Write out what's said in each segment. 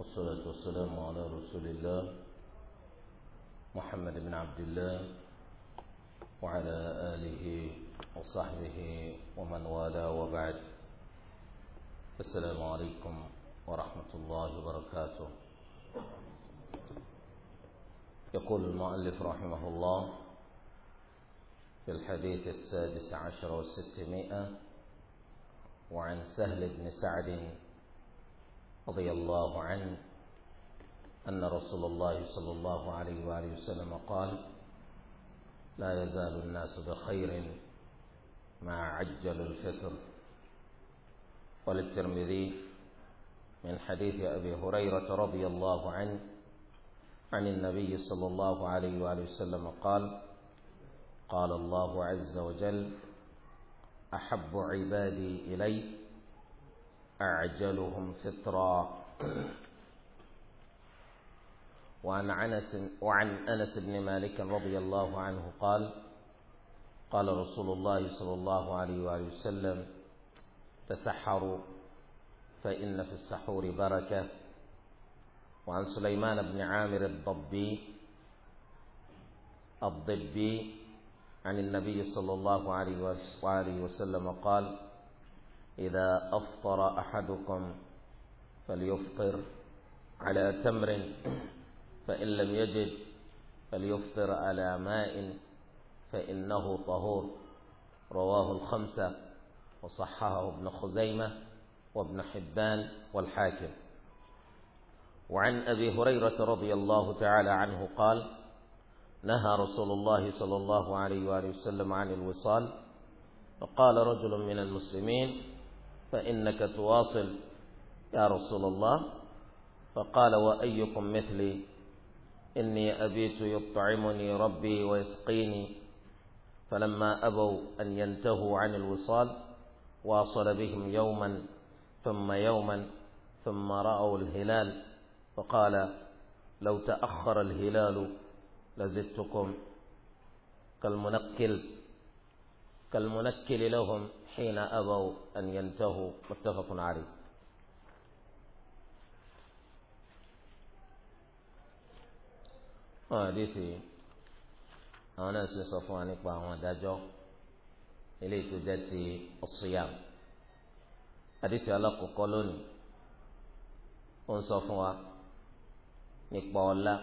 والصلاة والسلام على رسول الله محمد بن عبد الله وعلى آله وصحبه ومن والاه وبعد السلام عليكم ورحمة الله وبركاته يقول المؤلف رحمه الله في الحديث السادس عشر وستمائة وعن سهل بن سعد رضي الله عنه أن رسول الله صلى الله عليه وآله وسلم قال لا يزال الناس بخير ما عجل الفطر وللترمذي من حديث أبي هريرة رضي الله عنه عن النبي صلى الله عليه وآله وسلم قال قال الله عز وجل أحب عبادي إلي أعجلهم فطرا وعن أنس وعن أنس بن مالك رضي الله عنه قال قال رسول الله صلى الله عليه وآله وسلم تسحروا فإن في السحور بركة وعن سليمان بن عامر الضبي الضبي عن النبي صلى الله عليه وآله وسلم قال إذا أفطر أحدكم فليفطر على تمر فإن لم يجد فليفطر على ماء فإنه طهور رواه الخمسة وصححه ابن خزيمة وابن حبان والحاكم وعن أبي هريرة رضي الله تعالى عنه قال نهى رسول الله صلى الله عليه وآله وسلم عن الوصال فقال رجل من المسلمين فإنك تواصل يا رسول الله فقال وأيكم مثلي إني أبيت يطعمني ربي ويسقيني فلما أبوا أن ينتهوا عن الوصال واصل بهم يوما ثم يوما ثم رأوا الهلال فقال لو تأخر الهلال لزدتكم كالمنقل كالمنكل لهم حين أبوا أن ينتهوا متفق عليه àdìsí àwọn náà sì sọ fún wa nípa àwọn àdájọ́ eléyìí tó jẹ́ ti ọ̀ṣùyà àdìsí alákọ̀ọ́kọ́ lónìí ó ń sọ fún wa nípa ọlá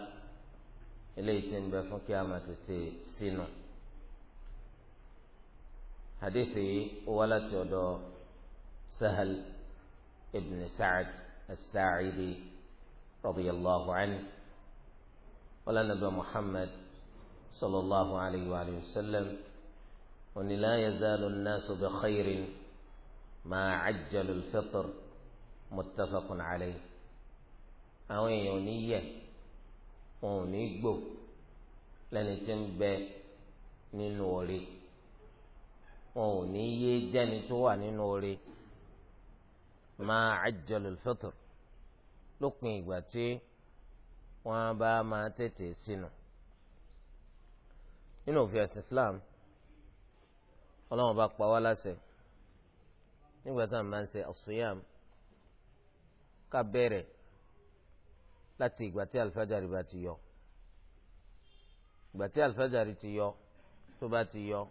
eléyìí tí ń bẹ fún kí a máa tètè sínú. Si حديثي ولد يدو سهل ابن سعد الساعدي رضي الله عنه ولا نبي محمد صلى الله عليه وآله وسلم وأن لا يزال الناس بخير ما عجل الفطر متفق عليه àwọn èèyàn ò ní yẹ wọn ò ní gbò lẹ́ni tí ń bẹ nínú ọ̀rẹ́ wọn ò ní yé jẹ́ni tó wà nínú oore máa ajjalul fitr lópin ìgbà tí wọ́n bá máa tètè sínú. nínú òfin ẹ̀sìn Islam ọlọ́run bá pa wá láṣẹ nígbà tá à máa ń ṣe as-siyam ká bẹ̀rẹ̀ láti ìgbà tí alifájàre bá ti yọ ìgbà tí alifájàre ti yọ tó bá ti yọ.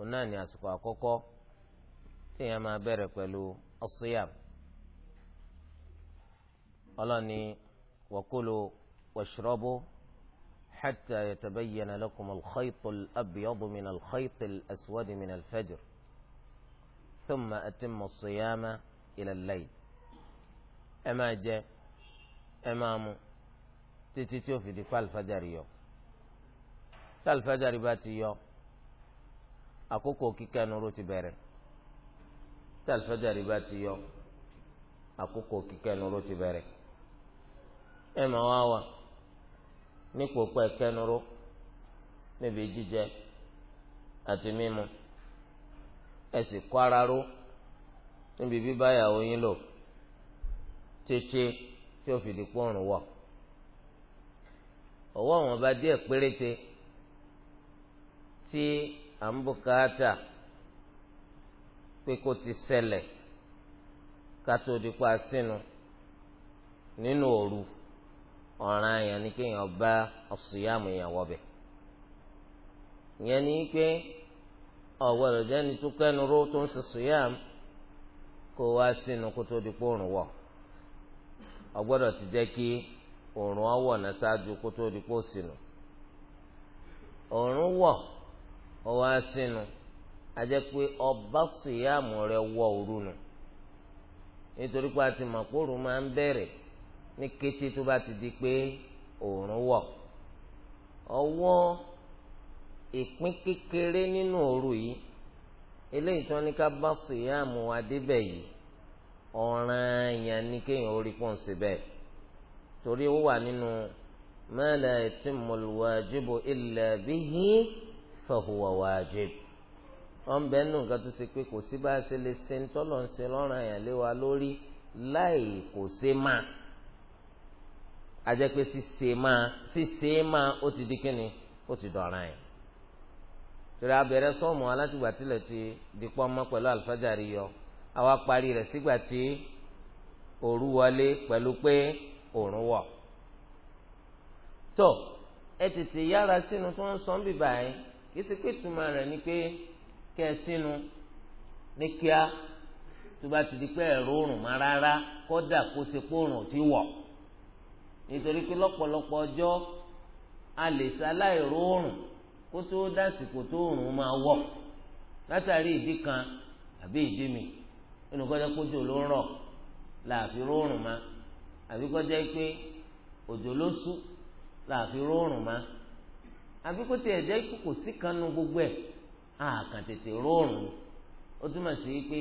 onáà náà ní àsìkò àkọ́kọ́ téèyàn máa bẹ̀rẹ̀ pẹ̀lú ọlọ́ni wa kulu washrabu hatta yatabayyana lakum al-khayt al-abyad min al-khayt al-aswad min al-fajr thumma atimmu as-siyama ila al-layl ẹ máa jẹ ẹ máa mu títí tí ó fi di pé alifájàrí alifájàrí bá ti ba ti yo àkókò kíkẹ́ nuru ti bẹ̀rẹ̀ tí alifajari bá ti yọ àkókò kíkẹ́ nuru ti bẹ̀rẹ̀ ẹ máa wá wà nípò pẹ́ kẹ́nuru níbi jíjẹ àti mímu ẹ sì kó ara ró níbi bíbáyàwó yín lò títí tí ó fi di pọ́ọ̀rùn wọ̀ ọwọ́ wọn bá díẹ̀ péréte tí. à ń bùkátà pé ti ṣẹlẹ̀ ká di pa sínú nínú òru ọ̀ràn àyàn ni kéèyàn bá ọ̀sùnyàmù yẹn wọbẹ̀ ìyẹn ni pé ọ̀gbọ́dọ̀ jẹ́ni tó kẹ́nu ró tó ń kó wá sínú kó tó di òrùn wọ̀ ti jẹ́ kí òrùn ọwọ̀ náà ṣáájú kó tó di ọwọ́ asinu ajẹ́ pé ọba sùyàmù rẹ̀ wọ òru nù nítorí pé a ti mọ̀ pé òru máa ń bẹ̀rẹ̀ ní kété tó bá ti di pé òòrùn wọ̀ ọwọ́ ìpín kékeré nínú òru yìí eléyìí tí ní ká bá sùyàmù wa débẹ̀ yìí ọ̀ràn yẹn ni kéèyàn ó rí pọ́n sí torí ó wà nínú ma la yatimmu al-wajibu illa bihi fahuwa wajib wọn bẹ nù nǹkan tó ṣe pé kò sí bá a ṣe lè ṣe ń tọ́lọ̀ ń ṣe lọ́rùn àyàn lé wa lórí láì kò ṣe má a jẹ́ pé ṣíṣe má ṣíṣe má ó ti di kíni ó ti dọ̀ràn yìí torí abẹ̀rẹ̀ sọ́ọ̀mù alátìgbà tilẹ̀ ti di pọ́nmọ́ pẹ̀lú àlùfájàrí yọ àwa parí rẹ̀ sígbà tí òru wọlé pẹ̀lú pé òrùn wọ̀ tó ẹ tètè yára sínú tó ń sọ ń bì báyìí kìí ṣe pé ìtumọ̀ rẹ̀ ni pé kẹ́ ẹ sínú ní kíá tó bá ti di pé ẹ̀rọ òrùn má rárá kọ́dà kó ṣe pé òrùn ò ti wọ̀ nítorí pé lọ́pọ̀lọpọ̀ ọjọ́ a lè ṣaláì ró òrùn kó tó dásìkò tó òrùn máa wọ̀ látàrí ìdí kan àbí ìdí mi nínú kọjá kójú ló ń rọ̀ láàfin rórùn ma àbí kọjá pé òjò ló sú láàfin rórùn ma àbí kó tiẹ̀ jẹ́ ikú kò sí kan nu gbogbo ẹ̀ àkàn tètè rọrùn ó túmọ̀ sí pé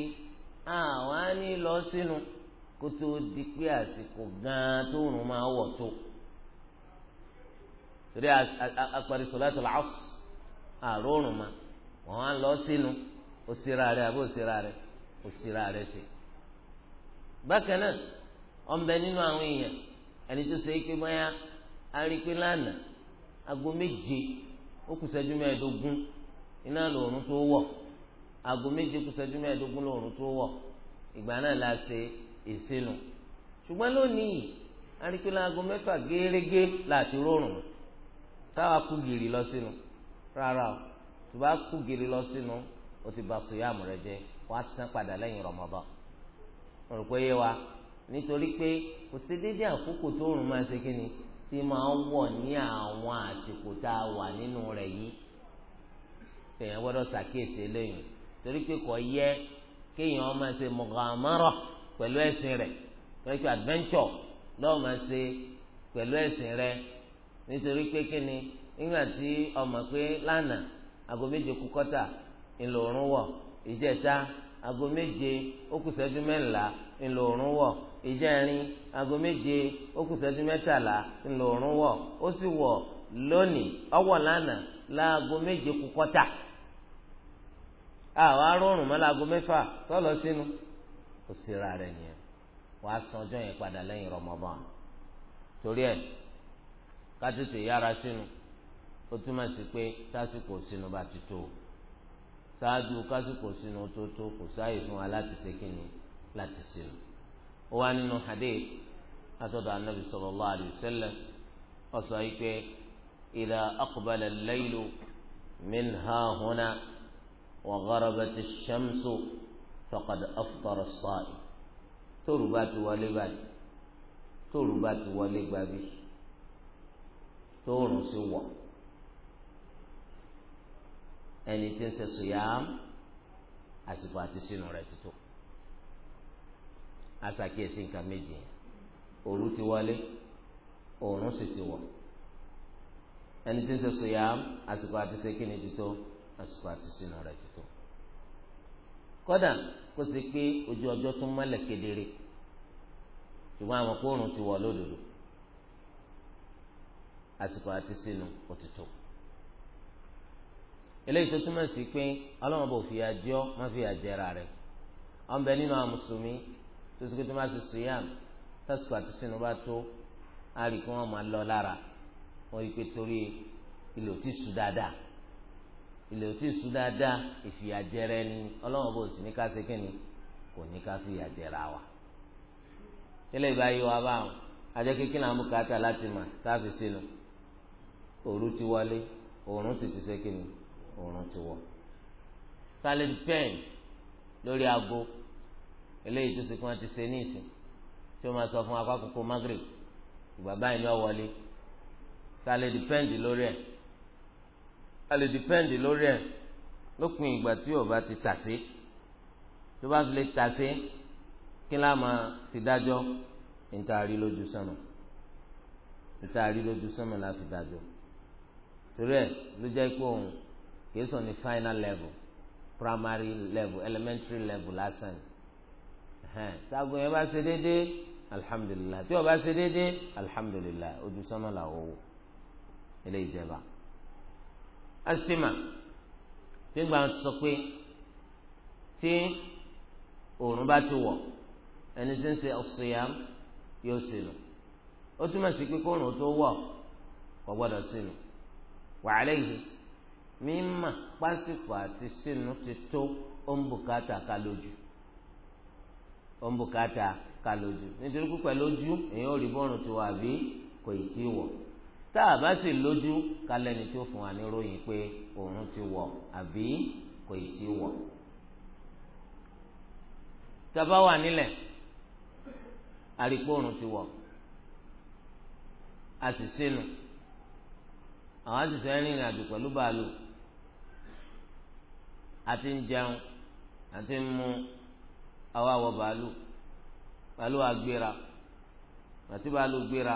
àwọn á ní lọ sínú kó tó di pé àsìkò gan-an tó rùn máa wọ̀ tó torí a ruo làásù ma wọn á lọ sínú òsèrà rẹ àbí òsèrà rẹ òsèrà rẹ sí. bákan náà ọ̀nbẹ nínú àwọn èèyàn ẹni tó ṣe é pé lánàá aago méje ó kù ṣẹ́jú mẹ́ẹ̀ẹ́dógún iná lòórùn tó wọ̀ aago méje kù ṣẹ́jú mẹ́ẹ̀ẹ́dógún lòórùn tó wọ̀ ìgbà náà la ṣe ìsinu ṣùgbọ́n lónìí arikele aago mẹ́fà gẹ́rẹ́gẹ́ láti rọrùn táwa kú gìrì lọ sínú rárá o tó bá kú gìrì lọ sínú o ti ba sòyàmù rẹ jẹ wàá san padà lẹ́yìn Ramadan mo wa nítorí pé kò sí déédéé àkókò tó rùn máa ṣe kí ni tí máa ń wọ̀ ní àwọn àsìkò tá a wà nínú rẹ̀ yìí èèyàn gbọ́dọ̀ ṣàkíyèsí eléyìí torí pé kò yẹ kéèyàn máa ṣe mọ̀gàmọ́rọ̀ pẹ̀lú ẹ̀sìn rẹ̀ pẹ̀lú adventure lọ́wọ́ máa ṣe pẹ̀lú ẹ̀sìn rẹ̀ nítorí pé kí ni nígbà tí ọmọ pé lánàá aago méje kù kọ́tà ńlọrọrùn wọ̀ ìjẹta aago méje ó kù ṣẹ́jú ńlọrọrùn wọ̀ ìjẹrin aago méje ó kù ìṣẹ́jú mẹ́tàlá ńlọrọrùn wọ̀ ó sì wọ̀ lónìí ọwọ́ lánàá láago méje kù kọ́tà àwọn arọrùn mọ́ láago mẹ́fà sọlọ sínú kò síra rẹ̀ nìyẹn wàá san yẹn padà lẹ́yìn Ramadan torí ẹ̀ ká tètè yára sínú ó túmọ̀ sí pé tásìkò sínú bá ti tó ṣáájú kásìkò sínú tó tó kò sáàyè fún wa láti ṣe kínní láti sínú ó wá nínú hadith látọ̀dọ̀ anabi sallallahu alayhi wa sallam ó sọ yìí pé idha aqbala al-laylu min hahuna wa gharabat ash-shamsu faqad aftara as-sa'im tóru bá ti wọlé báyìí tóru bá ti wọlé gbàbí tóorùn sí wọ̀ ẹni tí ń ṣe sùyàm àsìkò àti sínú rẹ̀ tuntun àṣàkíyèsí nǹkan méjì yẹn òru ti wọlé òòrùn sì ti wọ̀ ẹni tí ń ṣe sòyàm àsìkò àti sèkìní ti tó àsìkò àti sínú rẹ̀ ti tó kódà kó sì pé ojú ọjọ́ tún mọ́lẹ̀ kedere ṣùgbọ́n àwọn kóòrùn ti wọ̀ lódodo àsìkò àti sínú òtítọ́ eléyìí tó túmọ̀ sí pé ọlọ́run bò fìyà jẹ má fìyà jẹra rẹ̀ ọ̀nbẹ nínú àwọn mùsùlùmí tó sì pé tó má ti sòyàm tásìkò àti sínú bá tó á rí i kí wọ́n máa lọ lára wọ́n rí i pé torí ilẹ̀ ò tí sùn dáadáa ilẹ̀ ò tí sùn dáadáa ìfìyàjẹrẹ ni ọlọ́run bò sí ní ká ṣe kí ni kò ní ká fìyàjẹrẹ wa tẹ́lẹ̀ ìbáyé wa báwọn ajẹ́ náà mú kàtà láti mà káfí sínú òru ti wọlé òrùn sì ti ṣe kí òrùn ti wọ̀ salad pen lórí aago eléyìí tó ṣe fún wa ti ṣe tí o máa sọ fún akókò magre ìgbà báyìí ni ó wọlé ta lè dìpẹ́ǹdì lórí ẹ̀ ta lè dìpẹ́ǹdì lórí ẹ̀ lópin ìgbà tí yóò bá ti tàsé tó bá fi lè tàsé kí lá máa ti dájọ́ ntaari lójú sánmà ntaari lójú sánmà la fi dájọ́ torí ẹ̀ ló jẹ́ pé òun kìí sọ ní final level primary level elementary level lásán táàgùn yẹn bá ṣe déédéé alhamdulilah tí o bá ṣe déédéé alhamdulilah ojú sọmọ là ó wò ilé ìjẹba asima gbígbà wọn ti sọ pé tí òòrùn bá ti wọ̀ ẹni tí ń ṣe ọ̀sùnyàm yóò sínú ó túmọ̀ sí pé kóòrùn tó wọ̀ kò gbọ́dọ̀ sínú wàhálà yìí mímà pásìkò àti sínú ti tó ó ń bùkátà ká lójú ó ń bùkátà ká lójú nítorí pé pẹ̀lú ojú èyàn ò rí bọ́ọ̀rùn tí wà bí kò ì tí wọ̀ tá a bá sì lójú ká lẹ́ni tí ó fún wa ní ròyìn pé òun ti wọ̀ àbí kò ì tí wọ̀ tábà wà nílẹ̀ àrípò òun ti wọ̀ a sì sínú àwọn a sì fẹ́ pẹ̀lú bàálù àti ń jẹun àti ń mu àwa wọ bàálù bàálù agbéra àti bàálù gbéra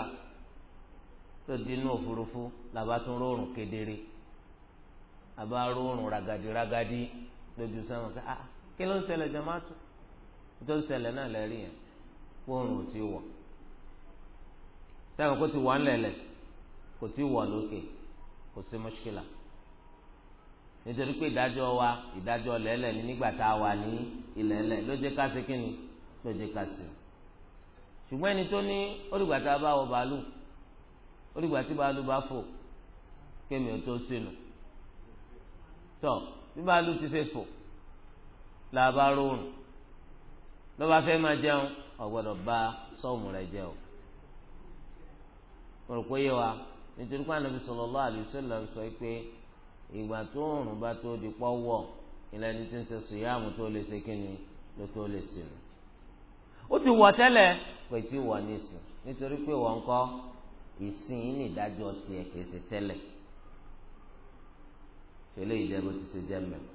tó di inú òfurufú làbá tún rọrùn kedere àbá rọrùn ragadi ragadi lójú sẹ́wọ̀n ká ah, kí ló ń ṣẹlẹ̀ jamaatu tó ń ṣẹlẹ̀ náà lẹ́rìí yẹn fóònù ò tí wọ̀ sẹ́wọ̀n kó ti wà ńlẹ̀lẹ̀ kò tí wọ̀ lókè kò sí mọ́ṣíkìlà nítorí pé ìdájọ́ wa ìdájọ́ lẹ́lẹ̀ ní nígbà tá a wà ní ilẹ̀lẹ̀ ló ká ṣe kí ni ká ṣe ṣùgbọ́n ẹni tó ní orígbà tá a bá wọ bàálù orígbà tí bàálù bá fò kémi ò tó sínú tọ bí bàálù ti ṣe fò là bá rọrùn lọ́ba fẹ́ máa jẹun ọ̀gbọ́dọ̀ bá sọ́ọ̀mù rẹ̀ jẹ o mo rò pé yé wa nítorí pé Ànábì sallallahu alaihi wasallam sọ pé ìgbà tó òòrùn bá tó di pọ́wọ́ ìlànà tí ń ṣe sùyàmù tó lè ṣe kí ló tó lè sínú ó ti wọ̀ tẹ́lẹ̀ kò tí ì wọ̀ nísìn nítorí pé wọ́n ń kọ́ ìsìn ní ìdájọ́ tiẹ̀ kìí ṣe tẹ́lẹ̀ tẹ́lẹ̀ ìdẹ́gbẹ́ ti ṣe jẹ́ mẹ́rin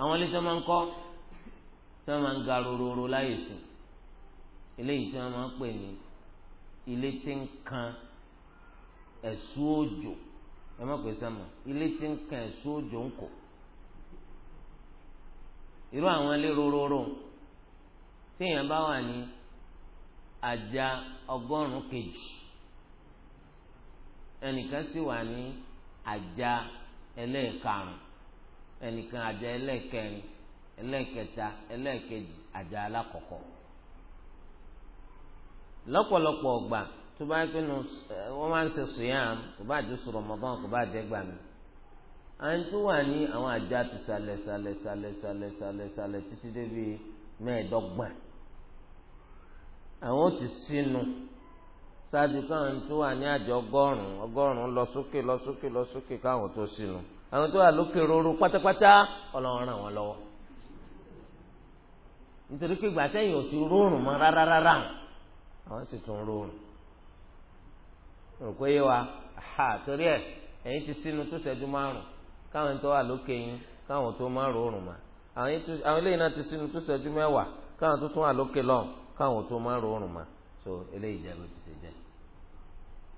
àwọn ilé tí wọ́n máa ń kọ́ tí wọ́n máa ń ga rororo láyè sìn eléyìí tí wọ́n máa ń pè ní ilé tí ń kan ẹ̀sùn òjò ẹ má pèsè àmọ́ ilé tí ń kan ẹ̀sùn òjò ń kò irú àwọn ilé rororo téèyàn bá wà ní àjà ọgọ́rùn-ún kejì ẹnìkan sì wà ní àjà ẹlẹ́ẹ̀karùn ẹnìkan àjà ẹlẹ́ẹ̀kẹrin ẹlẹ́ẹ̀kẹta ẹlẹ́ẹ̀kejì àjà alákọ̀ọ́kọ́ lọ́pọ̀lọpọ̀ ọgbà tó bá pé nu wọ́n máa ń ṣe sùyàm kò bá jẹ́ sùn Ramadan kò bá jẹ́ gbàmí àwọn tó wà ní àwọn àjà ti sàlẹ̀ sàlẹ̀ sàlẹ̀ sàlẹ̀ sàlẹ̀ sàlẹ̀ títí débi mẹ́ẹ̀ẹ́dọ́gbọ̀n. àwọn ò ti sínú ṣáájú káwọn tó wà ní àjọ ọgọ́rùn ọgọ́rùn lọ sókè lọ sókè lọ sókè káwọn tó sínú àwọn tó wà lókè roro pátápátá Ọlọ́run ràn wọ́n nítorí pé ìgbà ò ti ha torí ẹ ti tó márùn káwọn tó wà lókè yín káwọn tó má àwọn eléyìí náà ti tó káwọn tó má rọrùn ma so eléyìí jẹ bó ti ṣe jẹ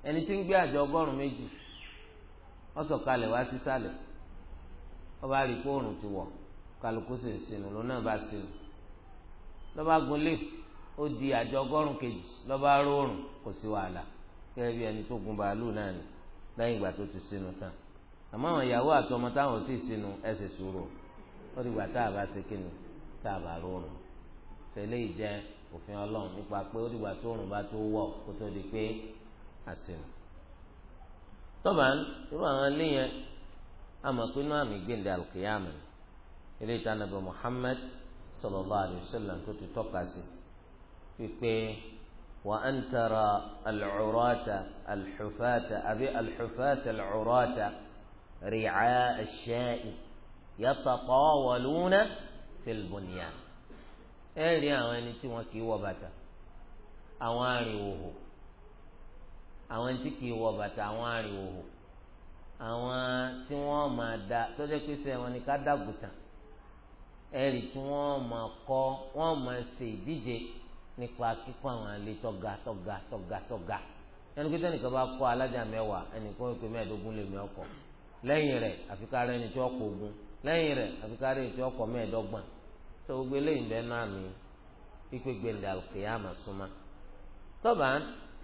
ẹni tí ń gbé àjọ meji méjì wọ́n sọ̀kalẹ̀ wá sísàlẹ̀ wọ́n bá ti wọ kálukú sì ń sinú ló náà bá sinú lọ́ba gunlé ó di àjọ ọgọ́rùn kejì lọba rọrùn kò sí wàhálà gẹ́gẹ́ bí ẹni tó gun bàálù náà ni ìgbà tó ti sinú tán àwọn ìyàwó táwọn ò tí ì sùúrù tá a bá kíni tá òfin ọlọ́run nípa pé ó dìgbà tó òrùn bá tó wọ̀ kó tó di pé àsìnù. tọ́ba irú àwọn ilé yẹn a mọ̀ pé inú àmì gbèǹde alùkìyàmù ilé ìtànàbẹ̀ Muhammad sallallahu alayhi wa sallam tó ti tọ́ka sí pípé wa an tara al-urata àbí al-hufata al-urata ri'a ash-sha'i yatatawaluna fil ẹ rí àwọn ẹni tí wọn kì í wọ bàtà àwọn arìnwòhò àwọn ẹni tí kì í wọ bàtà àwọn arìnwòhò àwọn tí da tọjọ sẹ wọn ni ká dàgùtàn ẹ rí tí wọn máa kọ wọn máa ṣe ìdíje nípa kíkọ àwọn alẹ tọga tọga tọga tọga ẹni pé tẹnìkan bá kọ alájà ọkọ ogun tí tó gbogbo eléyìí bẹ́ẹ̀ náà mi pípé gbẹ̀ndẹ̀ alùkìyàmà súnmọ́ tọ́ba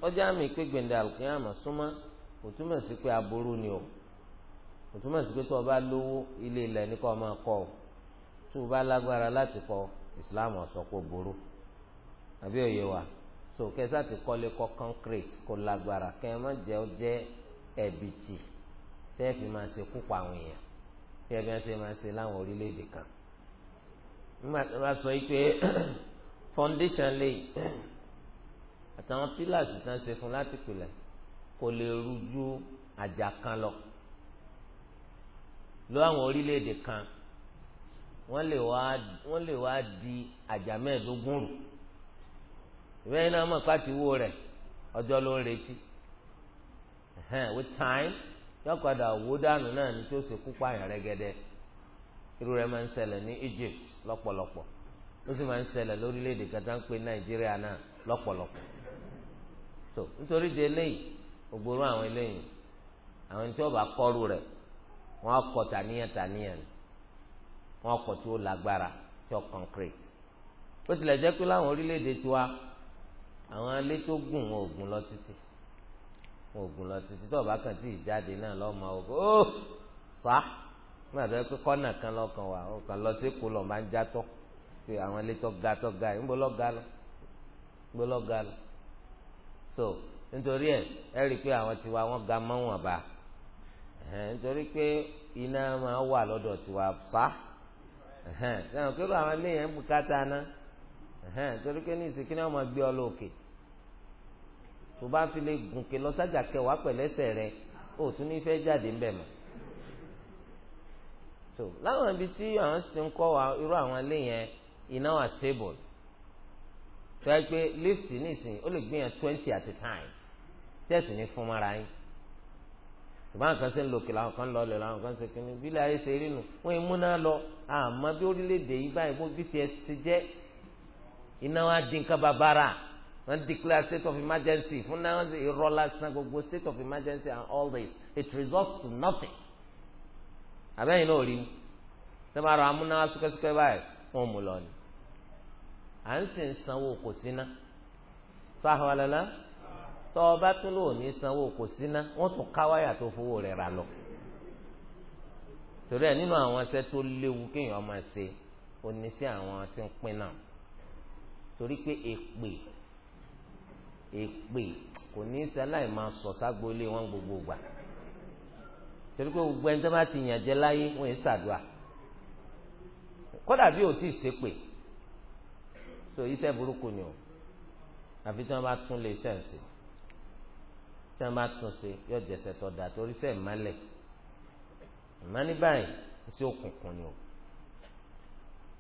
ọjà mi pé gbẹ̀ndẹ̀ alùkìyàmà súnmọ́ kò túmọ̀ sí pé aburú ni o kò túmọ̀ sí pé tó o bá lówó ilé ilẹ̀ ní kó o máa kọ́ o tó o bá lágbára láti kọ́ Islam ọ̀sọ́ burú àbí òye wa so kẹsà ti kọ́lé kọ́ concrete kó lágbára kẹ́ ẹ má jẹ́ ọ jẹ́ ẹ̀bìtì tẹ́ẹ̀ fi máa ṣe kúpa àwọn èèyàn bí ẹ ṣe máa ṣe láwọn orílẹ̀-èdè kan. nígbà tí sọ pé foundation lè àtàwọn pillars tí ṣe fún láti pìlẹ̀ kò lè rújú àjà kan lọ lọ àwọn orílẹ̀-èdè kan wọ́n lè wá di àjà mẹ́ẹ̀ẹ́dógún rù ìbẹ́yìn náà mọ̀ pàtí wo rẹ̀ ọjọ́ ló ń retí with time yọ̀ọ́ padà wó dànù náà tí ó irú rẹ̀ máa ń ṣẹlẹ̀ ní Egypt lọ́pọ̀lọpọ̀ ó sì máa ń ṣẹlẹ̀ lórílẹ̀‐èdè kata ń pè Nàìjíríà náà lọ́pọ̀lọpọ̀ so nítorí de eléyìí ògbóró àwọn eléyìí àwọn tí wọ́n bá kọ́rù rẹ̀ wọ́n kọ́ tàníyàn tàníyàn wọ́n kọ́ tí ó lágbára tí ó concrete ó tilẹ̀ jẹ́ pé láwọn orílẹ̀‐èdè tiwa àwọn ilé tó gùn wọn ò lọ títí wọn ò lọ títí tó o bá kàn tí ì jáde náà lọ́ọ́ máa wò ó sá. nígbà tó yẹ pé kọ́nà kan lọ́kàn wà ọkàn lọ sí kùlọ̀ máa ń játọ́ pé àwọn ilé tó ga tó ga yìí ń bọ́ lọ́ga lọ ń bọ́ lọ́ga lọ so nítorí ẹ ẹ rí i pé àwọn tiwa wọn ga mọ́wọ̀n bá nítorí pé iná máa wà lọ́dọ̀ tiwa fa sẹ́wọ̀n kí ló àwọn ilé eléyìí ń bùkátà ná nítorí pé ní ìsìnkí náà máa gbé ọ lókè tó bá fi lè gùnkè lọ sájà kẹwàá pẹ̀lẹ́sẹ̀ rẹ ó tún ní fẹ́ jáde ńbẹ̀ mọ́. so láwọn ibi tí àwọn sì ń kọ́ wa irú àwọn ilé yẹn iná wà stable tó yẹ pé lift nísìnyí ó lè gbìyàn twenty at a time tẹ̀sí ní fún mara yín ìbáwọn kan ṣe ń lòkè làwọn kan lọ lẹ̀ làwọn kan ṣe kínní bílẹ̀ ayé ṣe rí nu wọ́n ń múná lọ àmọ́ bí orílẹ̀-èdè yìí báyìí bó bí tiẹ̀ ti jẹ́ iná wa dín ká bàbára wọ́n declare state of emergency fún náà irọ́ lásán gbogbo state of emergency and all this it results to nothing àbẹ́yìn náà rí ni tẹ́lẹ̀ rọ amúnáwá súkẹ́súkẹ́ báyìí wọ́n mú lọ ni à ń sì ń sanwó kò síná sáhọ́lẹ́lá tọ́ ọ bá tún lóò ní sanwó kò síná wọ́n tún ká wáyà tó fowó rẹ̀ rà lọ. torí ẹ nínú àwọn ẹsẹ tó léwu kéèyàn máa ṣe oní sí àwọn tí ń pín náà torí pé èpè èpè kò ní í ṣe sọ ságbólé wọn gbogbo gbà torí pé gbogbo ẹni tó bá ti yànjẹ láyé wọn yìí ṣàdúrà kódà bí ò tí ì ṣépè so iṣẹ́ burúkú ni o àfi tí wọ́n bá tún lè sẹ́ǹsì tí wọ́n bá tún ṣe yóò jẹsẹ̀ tó da torí sẹ́ ìmálẹ̀ ìmá ní báyìí iṣẹ́ òkùnkùn ni o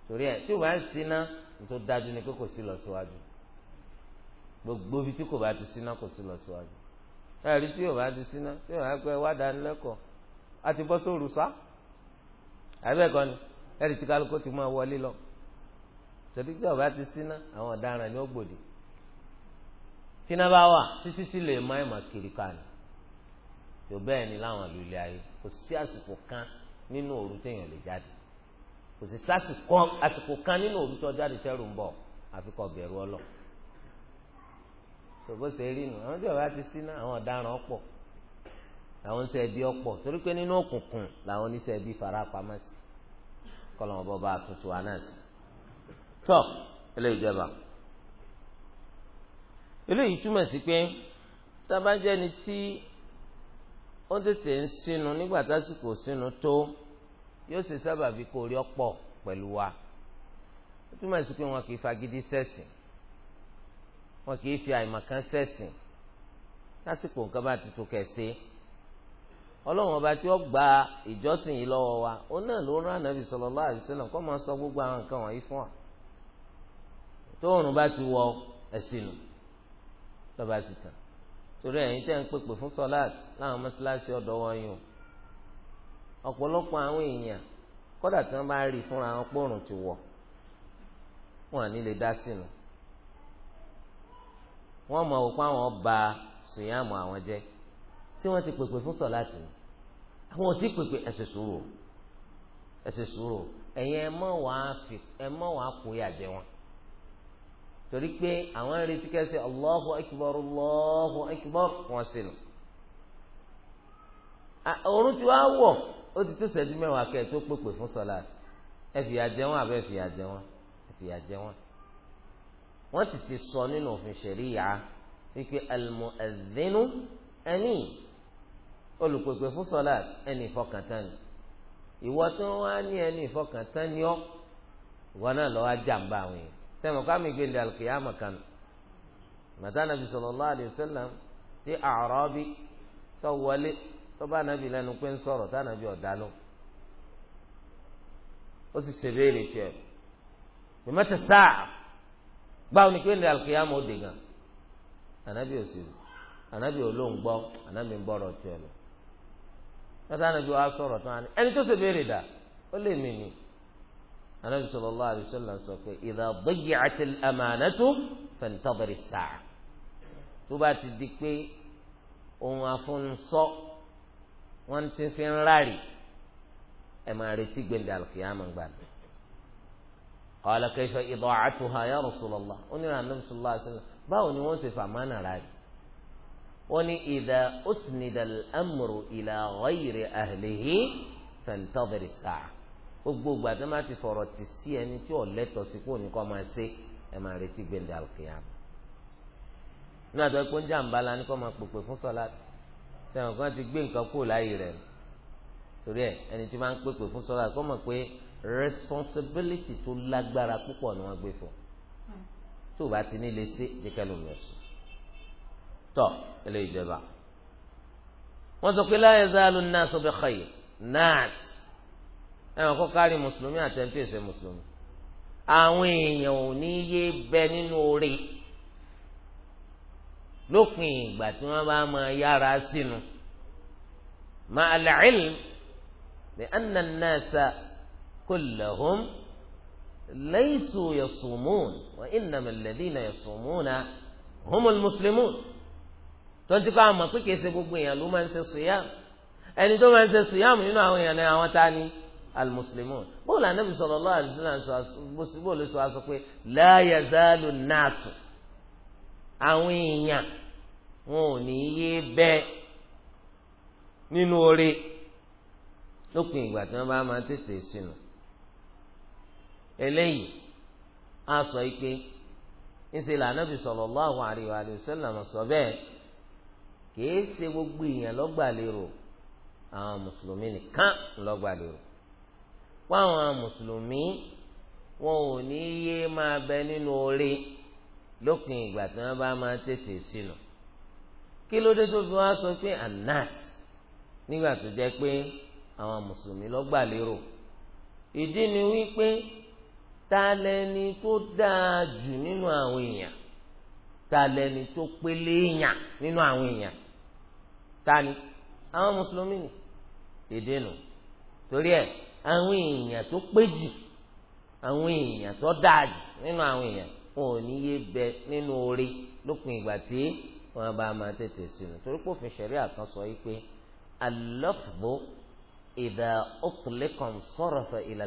torí ẹ tí o bá ń siná tó dájú ni pé kò sí lọ síwájú gbogbo ibi tí kò bá ti siná kò sí lọ síwájú ẹ̀rí tí o bá ti siná tí o bá pẹ́ wá dánilẹ́kọ̀ọ́ a ti bọ́ sóòrù sá àbẹ́ẹ̀kọ́ ni ẹ̀rì tí kálukú ti máa wọlé lọ tòbí tí ọba ti síná àwọn ọ̀daràn ni ó gbòdì tíná bá wà títí tí lè má ìmọ̀ kiri ká ni yóò bẹ́ẹ̀ ni láwọn ìlú ilé ayé kò sí àsìkò kan nínú òru téèyàn lè jáde kò sí àsìkò kan nínú òru tó jáde tẹ́rù ń bọ̀ àfi bẹ̀rù ọlọ́ ṣògbó ṣe rí nu àwọn tí ọba ti síná àwọn ọ̀daràn ọ̀pọ̀ làwọn oníṣẹ́ ibi ọ̀pọ̀ torí pé nínú òkùnkùn làwọn oníṣẹ́ ibi farapamọ́ sí kọ́lọ́mọ bọ́ba tuntun wa náà sí. tọ́ ilé ìjọba eléyìí túmọ̀ sí pé tábàjẹ́ni tí ó tètè ń sínú nígbà tásìkò sínú tó yóò ṣe sábàbí kó rí ọ̀pọ̀ pẹ̀lú wa ó túmọ̀ sí pé wọn kì í fagídí sẹ́sìn wọn kì í fi àìmọ̀kan sẹ́sìn lásìkò nǹkan bá ti tó kẹ̀ sí ọlọ́run ọba tí ó gba ìjọsìn yìí lọ́wọ́ wa òun náà ló rán ànábì sallallahu alaihi wasallam kó máa sọ gbogbo àwọn nǹkan wọ̀nyí fún wa tóòrùn bá ti wọ ẹ̀sìn nù lọ́ba sì tàn torí ẹ̀yin tẹ́ ń pèpè fún sọ́láàtì láwọn mọ́ṣáláṣí ọ̀dọ́ wọn yìí o ọ̀pọ̀lọpọ̀ àwọn èèyàn kódà tí wọ́n bá rí fúnra wọn pòrùn ti wọ̀ wọn ní lè dá sínú wọ́n mọ̀ wò àwọn ọba sùnyàmù àwọn jẹ́ tí wọ́n ti pèpè fún sọ̀láàtì àwọn ò tí pèpè ẹ ṣe sùúrù ẹ ṣe sùúrù ẹ̀yin ẹ mọ̀ wàá fi ẹ mọ̀ wàá kó yà jẹ wọn torí pé àwọn retí kẹsì Allahu Akbar Allahu Akbar wọn sì nù òórùn tí wàá wọ̀ ó ti tó ṣẹ́jú mẹ́wàá kẹ́ ẹ tó pèpè fún sọ̀láàtì ẹ fìyà jẹ wọn àbẹ́ fìyà jẹ wọn fìyà jẹ wọn wọ́n sì ti sọ nínú òfin ṣẹ̀ríyà wípé al-mu'adhdhinu ani olùpèpè fún sọláàt ẹni ìfọkàntán ni ìwọ tí wọn wá ní ẹni ìfọkàntán ni ọ ìwọ náà lọ wá jàǹbá àwọn yẹn sẹmọ kámi gbélé alùkìyàmọ kan màtá nàbì sallallahu alayhi wa sallam tí àràbí tó wọlé tó bá nàbì lẹ́nu pé ń sọ̀rọ̀ tá nàbì ọdánù ó sì ṣèbéèrè tiẹ̀ bìmọtì sáà báwo ni gbélé alùkìyàmọ ó dè gan ànábì ò sì ànábì ń bọrọ tiẹ̀ lọ látàánà ju asọ̀rọ̀ tán á ní ẹni tó ṣe béèrè dà ó lè mí ni anabi sallallahu alaihi wasallam sọ pé idha diyya'at al-amanatu fantadhir as-sa'a tó bá ti di pé ohun afúnṣọ wọn ti fi ń ráàlì ẹ máa retí gbẹndẹ al-qiyamah gbàdúrà. qala kayfa ida'atuha ya rasulallah ó ní anabi sallallahu alaihi wasallam báwo ni wọn ṣe fàmánà ráàlì wọ́n ní ìdá usnidal amru ìlà ghayri ahlihi fantadhiri sa'a gbogbo ìgbà tó máa ti fọ̀rọ̀ tì sí ẹni tí ò lẹ́tọ̀ọ́ sí kó ní kó máa ṣe ẹ máa retí gbẹ̀ndẹ̀ alqiyam ní àtọ́ pé ń jàǹbá la ní kó máa pèpè fún sọ́láàtì sẹ́wọ̀n kan ti gbé nǹkan kúrò láàyè rẹ̀ torí ẹ ẹni tí máa ń pèpè fún sọ́láàtì kó mọ̀ pé responsibility tó lágbára púpọ̀ ni wọ́n gbé fún tó bá ti ní lè ṣe jẹ́kẹ́ lómi ọ̀sùn tọ́ ilé ìjọba wọ́n sọ pé la yazalu an-nasu bi khayr nas ẹ̀wọ̀n kọ́ kárí mùsùlùmí àtẹ̀ntì ẹ̀sẹ̀ mùsùlùmí àwọn èèyàn ò ní yé bẹ nínú orí lópin ìgbà tí wọ́n bá máa yára sínú ma'al ilm bi anna an-nasa kullahum laysu yasumun wa innama alladhina yasumuna humul muslimun tó ń tipa àmọ́ pé kìí ṣe gbogbo èèyàn ló máa ń ṣe sùyàm ẹni tó máa ń ṣe sùyàm nínú àwọn èèyàn náà àwọn ta ni almuslimun bóòlù anabi sallallahu alaihi wasallam bóòlù sọ aṣọ pé la yazalu nnasu àwọn èèyàn wọn ò ní yé bẹ́ẹ̀ nínú oore lópin ìgbà tí wọn bá máa tètè sínú eléyìí a sọ yìí pé ńṣe lànà bí sallallahu alaihi wasallam sọ bẹ́ẹ̀ kìí ṣe gbogbo èèyàn lọ́gbàlérò àwọn mùsùlùmí nìkan lọ́gbàlérò wọ́n àwọn mùsùlùmí wọn ò ní yé máa bẹ nínú orí lópin ìgbà tí wọ́n bá máa tètè sínú kí ló dé tó fi wá sọ pé anas nígbà tó jẹ́ pé àwọn mùsùlùmí lọ́gbàlérò ìdí ni wípé ta lẹni tó dáa jù nínú àwọn èèyàn ta lẹni tó pélé èèyàn nínú àwọn èèyàn tani àwọn mùsùlùmí ni dédé nù torí ẹ àwọn èèyàn tó pé jù àwọn èèyàn tó dáa jù nínú àwọn èèyàn wọn ò ní yé bẹ nínú orí lópin ìgbà tí wọn bá máa tètè sínú torí pé òfin ṣẹ̀ríà kan sọ yìí pé al-lafdhu idha utliqa sarafa ila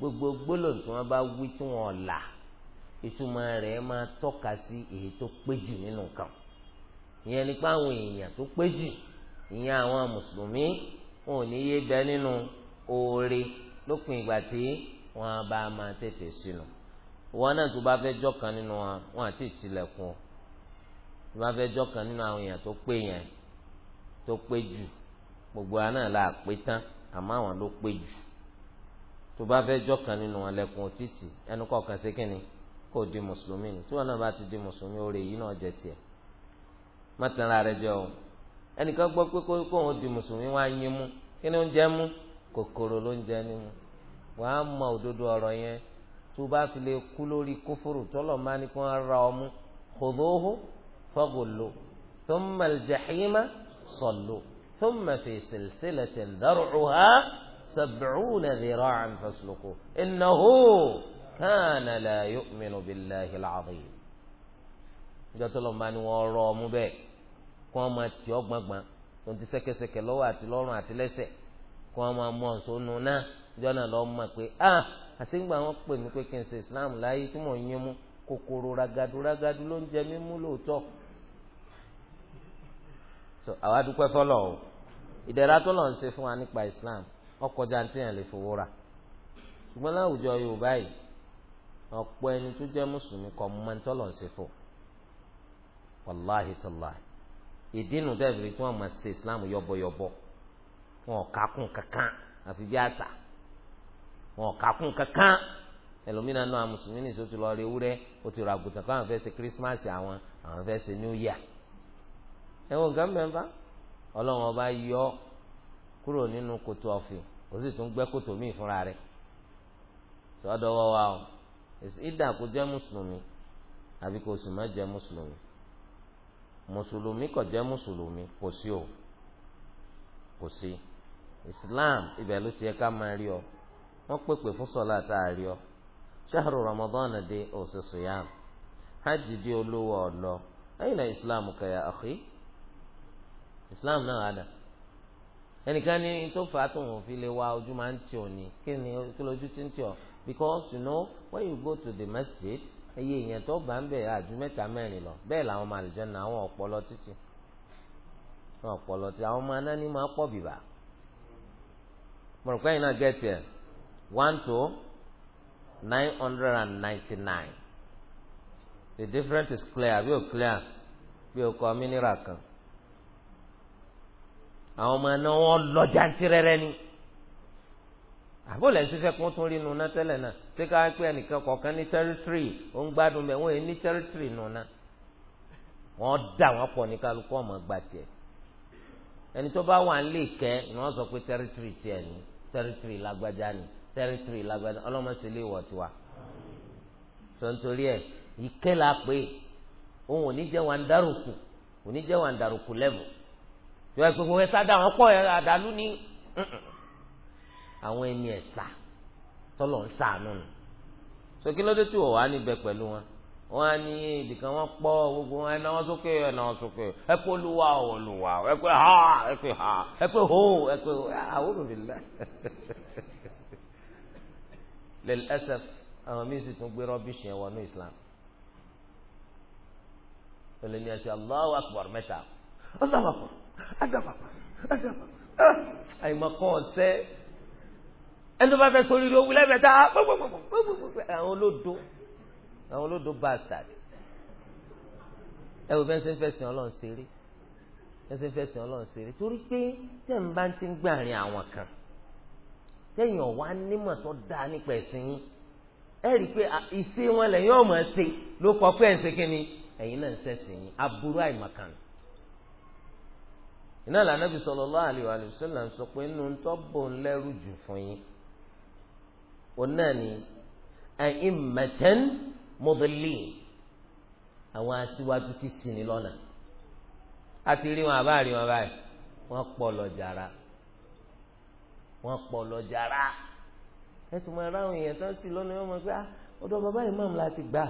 gbogbo gbólóhùn tí wọn bá wí tí wọn là ìtumọ̀ rẹ̀ máa tọ́ka sí èyí tó pé jù nínú nǹkan ìyẹn ni pé àwọn èèyàn tó pé jù ìyẹn àwọn mùsùlùmí wọn ò ní yé bẹ nínú oore lópin ìgbà tí wọn bá máa tètè sínú wọn náà tó bá fẹ́ jọkan nínú wọn wọn àti ìtìlẹ̀kùn tó bá fẹ́ jọkan nínú àwọn èèyàn tó pé yẹn tó pé jù gbogbo wa náà la pé tán àmọ́ àwọn ló pé jù tó bá fẹ́ jọkan nínú wọn lẹ̀kùn òtítì ẹnu kọ̀ọ̀kan ṣe kínni kò di mùsùlùmí ni tí wọn náà bá ti di mùsùlùmí oore yìí náà jẹ tiẹ̀. má tanra rẹ jẹ o ẹnìkan gbọ́ pé kó òun di mùsùlùmí wọn á yín mú kí ni ó ń jẹ mú kòkòrò ló ń jẹ wọn á mọ òdodo ọ̀rọ̀ yẹn tó bá fi lè kú lórí kófòrò tọ́lọ̀ máa ní kó ń ra ọmú khudhuhu faghullu thumma al-jahima sallu thumma fi silsilatin dhar'uha sab'una dhira'an fasluku innahu kana la yu'minu billahi al-'azim ìjọ tọ́lọ̀ máa ní wọ́n rọ ọmú bẹ́ẹ̀. kó wọn máa tì ọ́ gbọ̀ngbọ̀n tó ń ti sẹ́kẹsẹkẹ lọ́wọ́ àti lọ́rùn àti lẹ́sẹ̀ kó wọn máa mú náà a wọn pè mí pé n ṣe Islam láyé tí mò ń yín mú kòkòrò ragadu ragadu ló ń jẹ mí mú lóòótọ́ so àwa dúpẹ́ o ìdẹ̀ra tó fún wa nípa Islam ọkọ̀ jantí yẹn lè fowó ra ṣùgbọ́n láwùjọ Yorùbá yìí ọ̀pọ̀ ẹni tó jẹ́ mùsùlùmí kọ́ ń ìdínú tẹ́lifíri tí wọ́n máa ṣe islam yọ̀bọ̀yọ̀bọ̀ wọn ò kakún kankan àfi bí àṣà wọn ò kakún kankan ẹlòmínà náà mùsùlùmí nìṣó ti lọ rí ewúrẹ́ ó ti rà àgùntàn káwọn fẹ́ ṣe kírísímàsì àwọn àwọn fẹ́ ṣe new year ẹ wo nǹkan bẹ́ẹ̀ bá ọlọ́run ọba yọ kúrò nínú kòtò ọ̀fìn ó sì tún gbẹ́ kòtò míì fúnra rẹ̀ sọ́dọ̀ wọ́wọ́ o ìdà jẹ́ mùsùlùmí àbí kó sì má jẹ́ mùsùlùmí mùsùlùmí kò jẹ́ mùsùlùmí kò sí o kò sí islam ibẹ̀ ló ti yẹ ká máa rí ọ wọ́n pèpè fún sọ́lá tá a rí ọ ṣáàrù ramadan dé òsè sùyàm hajj dé olówó ọ̀lọ́ ayna islam kẹyà akhi islam náà àdà ẹnìkan ní tó fà á tó wọn fi lè wá ojú máa ń tì ọ ní kí ni kí ti ń tì ọ because you know when you go to the masjid iye èèyàn tó bá ń bẹ̀ àjù mẹ́ta mẹ́rin lọ bẹ́ẹ̀ làwọn ọmọ àlùjànnà àwọn ọ̀pọ̀lọ títí àwọn ọ̀pọ̀lọ títí àwọn ọmọ anáni máa pọ̀ bìbà mọ̀rùkọ́ yìí náà gẹ̀ẹ́tì ẹ̀ one two nine hundred and ninety-nine the difference is clear àbí ò clear bí o kọ́ mínírà kan àwọn ọmọ anáwọ̀ lọ jàǹtìrẹrẹ ni àbọ̀lẹ̀ ṣiṣẹ́ kún tún rí nuna tẹ́lẹ̀ náà ṣé ká pé ẹnìkan kọ̀ọ̀kan ní tẹ́rítírì ó ń gbádùn bẹ́ẹ̀ wọ́n yẹn ní tẹ́rítírì nuna wọ́n dà wọ́n pọ̀ ní kálukú ọmọ gba tiẹ̀ ẹni tó bá wà ń lè kẹ́ ni wọ́n sọ pé tẹ́rítírì tiẹ̀ ni tẹ́rítírì lágbájá ni tẹ́rítírì lágbájá ọlọ́mọṣẹ́ lè wọ̀ tiwa tontori ẹ̀ ìkẹ́ la pé òun ò ní jẹ́ wà ń dáròkù ò ní jẹ́ wà ń lẹ́bù àwọn ẹni ẹ̀sà tọ́lọ̀ ń sàánú nù so kí ló dé tí wọ́n wà níbẹ̀ pẹ̀lú wọn wọn á ní ìdìkan wọn pọ̀ gbogbo wọn ẹ̀ náwó sókè ẹ̀ náwó sókè ẹ pé olúwa ò olúwa ẹ pé ha ẹ pé ha ẹ pé ho ẹ pé àwọn olùdílé lẹ́lẹ́ ẹsẹ̀ àwọn míín sì tún gbé rọ́bìṣì yẹn wọnú Islam lọ́lẹ́ ní ẹsẹ̀ Allahu Akbar mẹ́ta Allahu Akbar Allahu Akbar Allahu ah! ọ̀sẹ́ ẹni tó bá fẹ́ sórí owó lẹ́bẹ̀ẹ́ta gbogbogbò àwọn olódo àwọn olódo bastard ẹ wò bẹ́ẹ̀ ṣe ń fẹ̀sìn ọlọ́run ṣeré bẹ́ẹ̀ ṣe ń fẹ̀sìn ọlọ́run ṣeré torí pé tẹ̀ ń bá ti ń gbàrin àwọn kan tẹ̀yìn ọ̀wá nímọ̀ tó dáa nípa ẹ̀sìn yín ẹ rí i pé ìṣe wọn lẹ́yìn ọ̀mọ̀ ṣe ló kọ pé ẹ̀sìn kínní ẹ̀yin náà ń ṣẹ̀sìn yín aburú àìmọ̀kan. iná lànà bí sallallahu alaihi wa sallam sọ pé nínú tó bò ń lẹ́rù jù fún yín òun náà ni a'immatan mudillin àwọn aṣíwájú ti ṣì ní lọ́nà a ti rí wọn àbá rí wọn báyìí wọ́n pọ̀ lọ jàrá wọ́n pọ̀ lọ jàrá ẹ tún máa ráwọn èèyàn tán sí lọ́nà ẹ mọ̀ pé ọ̀dọ̀ bàbá imam la ti gbà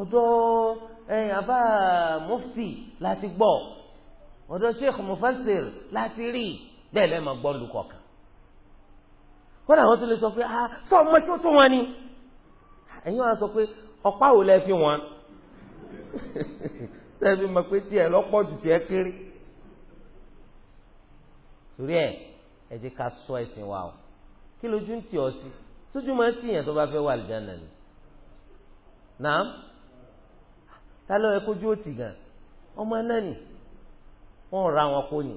ọ̀dọ̀ àbá mufti la ti gbọ́ sheikh mufassir la rí bẹ́ẹ̀ lẹ́ẹ̀ máa gbọ́ kódà wọn tún lè sọ pé ah sọ ọmọ tó tó wọn ni ẹ̀yin wọn sọ pé ọ̀pá wo lẹ fi wọn sẹ́ẹ̀fì mọ̀ pé tiẹ̀ lọ́pọ̀ jù tiẹ̀ kéré torí ẹ̀ ẹ jẹ́ ká sọ ẹ̀sìn wa o kí lójú ń tì ọ́ sí sójú máa ń tì yẹn tó bá fẹ́ wà lìjánà ni nàám ta ló yẹ kójú ó tì gan ọmọ náà ni wọ́n ra wọn kó ni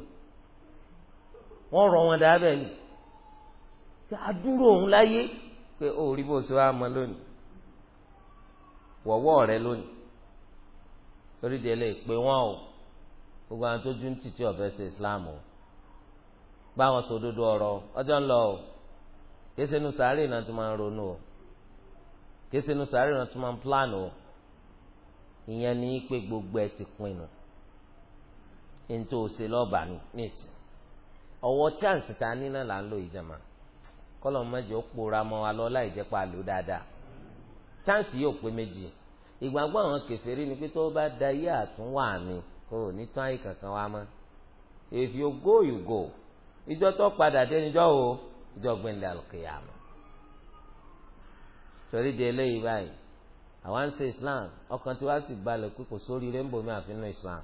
wọ́n rọ wọn dábẹ́ ni. dúró òun láyé pé ó rí bó ṣe wá mọ lónìí wọ̀wọ́ rẹ lónìí torí délé pé wọ́n o gbogbo àwọn tó dún títí ọ̀fẹ́ Islam o bá wọn sòdodo ọ̀rọ̀ ọjọ́ ń lọ o kése nu sàárè náà máa ń ronú o kése nu sàárè náà máa gbogbo ẹ ti pinnu ní tó o ọwọ́ chance ta ní náà kọ́lọ̀ mẹjọ pòórá mọ́ wa lọ láì jẹ́ pa lò dáadáa chance yóò pé méjì ìgbàgbọ́ àwọn ni pé tó bá da iye mi kò ní tán ayé kankan wa mọ́ if you go you go ìjọ tó padà dé o ìjọ gbẹ̀ndẹ̀ torí di eléyìí báyìí àwa ń ṣe Islam ọkàn tí wàá sì balẹ̀ pé kò sórí ń Islam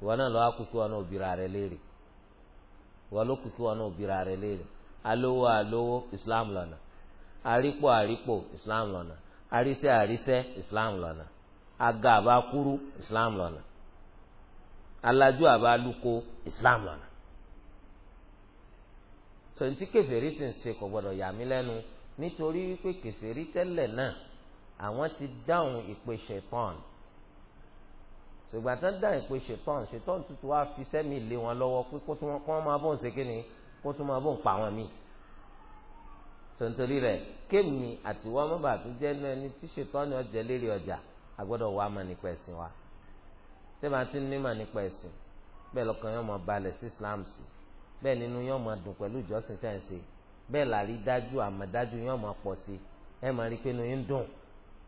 ìwọ náà lọ́wọ́ kúkú ọ̀nà òbí ra léèrè ìwọ alówó alówó islam lọ́nà àrípò àrípò islam lọ́nà àríṣẹ́ àríṣẹ́ islam lọ́nà aga àbákúrú islam lọ́nà alájú àbálùkọ islam lọ́nà sọ̀rọ̀ tí kẹfẹ́rí sì ń ṣe kò gbọ́dọ̀ yà mí lẹ́nu nítorí wípé kẹfẹ́rí tẹ́lẹ̀ náà àwọn ti dáhùn ìpè ṣetán ṣùgbọ́n àtàn dáhùn ìpè ṣetán ṣetán tuntun wá fi sẹ́mi lé wọn lọ́wọ́ pé kó tí wọ́n máa bọ̀ ń ṣe kí ni kó tún máa bọ̀ ń pa àwọn míì tontori rẹ̀ kémi àtiwọ́ mọ́bà tó jẹ́ náà ní tíṣe tọ́ni ọjà lérí ọjà àgbọ́dọ̀ wá mà nípa ẹ̀sìn wa sẹ́bàá tí ní mà nípa ẹ̀sìn bẹ́ẹ̀ lọ́kàn yóò mọ balẹ̀ sí Islam sí bẹ́ẹ̀ nínú yóò mọ dùn pẹ̀lú ìjọsìn tẹ̀ ń ṣe bẹ́ẹ̀ làrí dájú àmọ̀dájú yóò mọ pọ̀ sí ẹ̀ máa rí pé inú yín dùn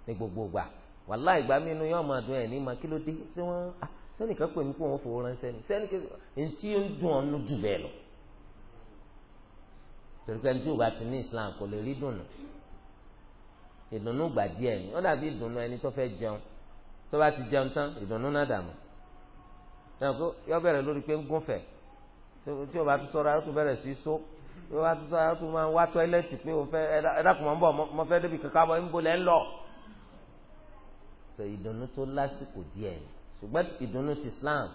ní gbogbo gbà wàláhì ìgbà mi inú yóò mọ dùn ẹ̀ ní ma kí ló dé sẹ́nìkan pè mí pé òun fowó ránṣẹ́ ni sẹ́nìkan ntí ń dùn ọ́nú jù bẹ́ẹ̀ lọ torí pé ẹni tí ò bá ti ní islam kò lè rí dùnú ìdùnnú gbà díẹ̀ ni ó dàbí ìdùnnú ẹni tó fẹ́ jẹun tó bá ti jẹun tán ìdùnnú náà dànù yọ bẹ̀rẹ̀ lórí pé ń gúnfẹ̀ tí o bá tún sọ̀rọ̀ àtúntò bẹ̀rẹ̀ sí so tí o bá tún sọ̀rọ̀ àtúntò máa ń wá tọ́ẹ́lẹ̀tì pé o fẹ́ ẹ̀dàkùn mọ́ ń bọ̀ mọ́ fẹ́ débi kankan bọ̀ ń bolẹ̀ ń lọ. sọ ìdùnnú tó lásìkò díẹ̀ ni ṣùgbọ́n ìdùnnú ti Islam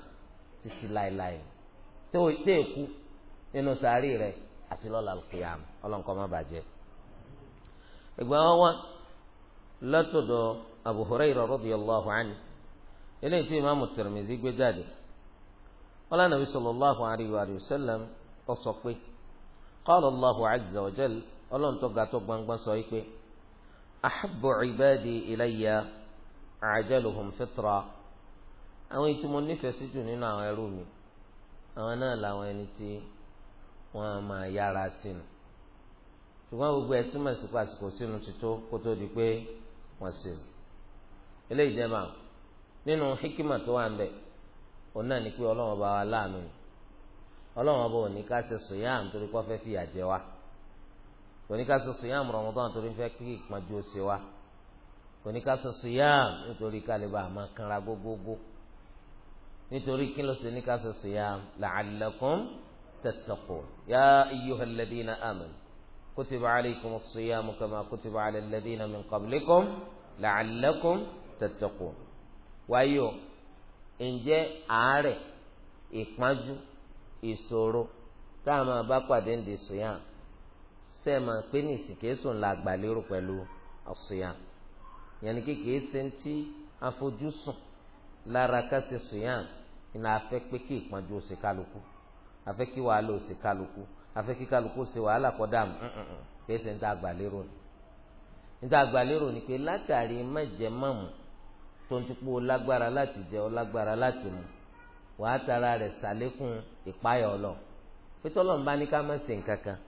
ti ti láéláé tó àti lọ́la alqiyam ọlọ́nkọ́ má bàjẹ́. ìgbà wọn wá látọ̀dọ̀ abu hurayra radiyallahu anhu eléyìí tí imaamu tirmidhi gbé jáde wọn lánàá bí sallallahu alayhi wa sallam ọ sọ pé qala allahu azza wa jal ọlọ́ntọ́ gàtọ́ gbangban sọ wípé ahabbu ibadi ilayya ajaluhum fitra àwọn ìtumọ̀ nífẹ̀ẹ́ sí jù nínú àwọn ẹrú mi àwọn náà làwọn ẹni tí wọ́n á máa yára sínú ṣùgbọ́n gbogbo ẹ túmọ̀ sí pàṣípò sínú tító kó tó di pé wọ́n sínú eléyìí jẹ́ báwọn nínú hikima tó wà ń bẹ̀ òun náà ni pé ọlọ́run ọba wa láàánú ni ọlọ́run ọba ò ní ká ṣe sòyàm torí kó fẹ́ fi ìyà jẹ wá kò ní ká ṣe sòyàm Ramadan torí fẹ́ kí ìpọ́njú ó ṣe wá kò ní ká ṣe sòyàm nítorí kálíbà àmọ́ kanra gbogbogbò nítorí kí ló ṣe ní ká ṣe sòyàm تتقون يا أيها الذين آمنوا كتب عليكم الصيام كما كتب على الذين من قبلكم لعلكم تتقون وأيو إن جاء عارف ìpájú ìṣòro tá a máa bá pàdé ń di sùyàn ṣe é máa pé ní ìsìkéṣùn la gbà lérò pẹ̀lú ọ̀sùyàn yẹnni kékeré ṣe ń tí àfojúsùn lára ká ṣe sùyàn ni a fẹ́ pé kí ìpájú ó ṣe kálukú afẹ́ kí wàhálà ò sí kálukú afẹ́ kí kálukú ṣe wàhálà kọ́ dààmú kẹsẹ̀ ń ta àgbàlérò ni ń ta àgbàlérò ni pé látàrí mẹ́jẹ̀mọ́mù tó ń ti pò lágbára láti jẹ ọ lágbára láti mu wàá tara rẹ̀ sàlékún ìpáyà ọlọ pété ọlọ́run bá ní ká má ṣe nǹkan kan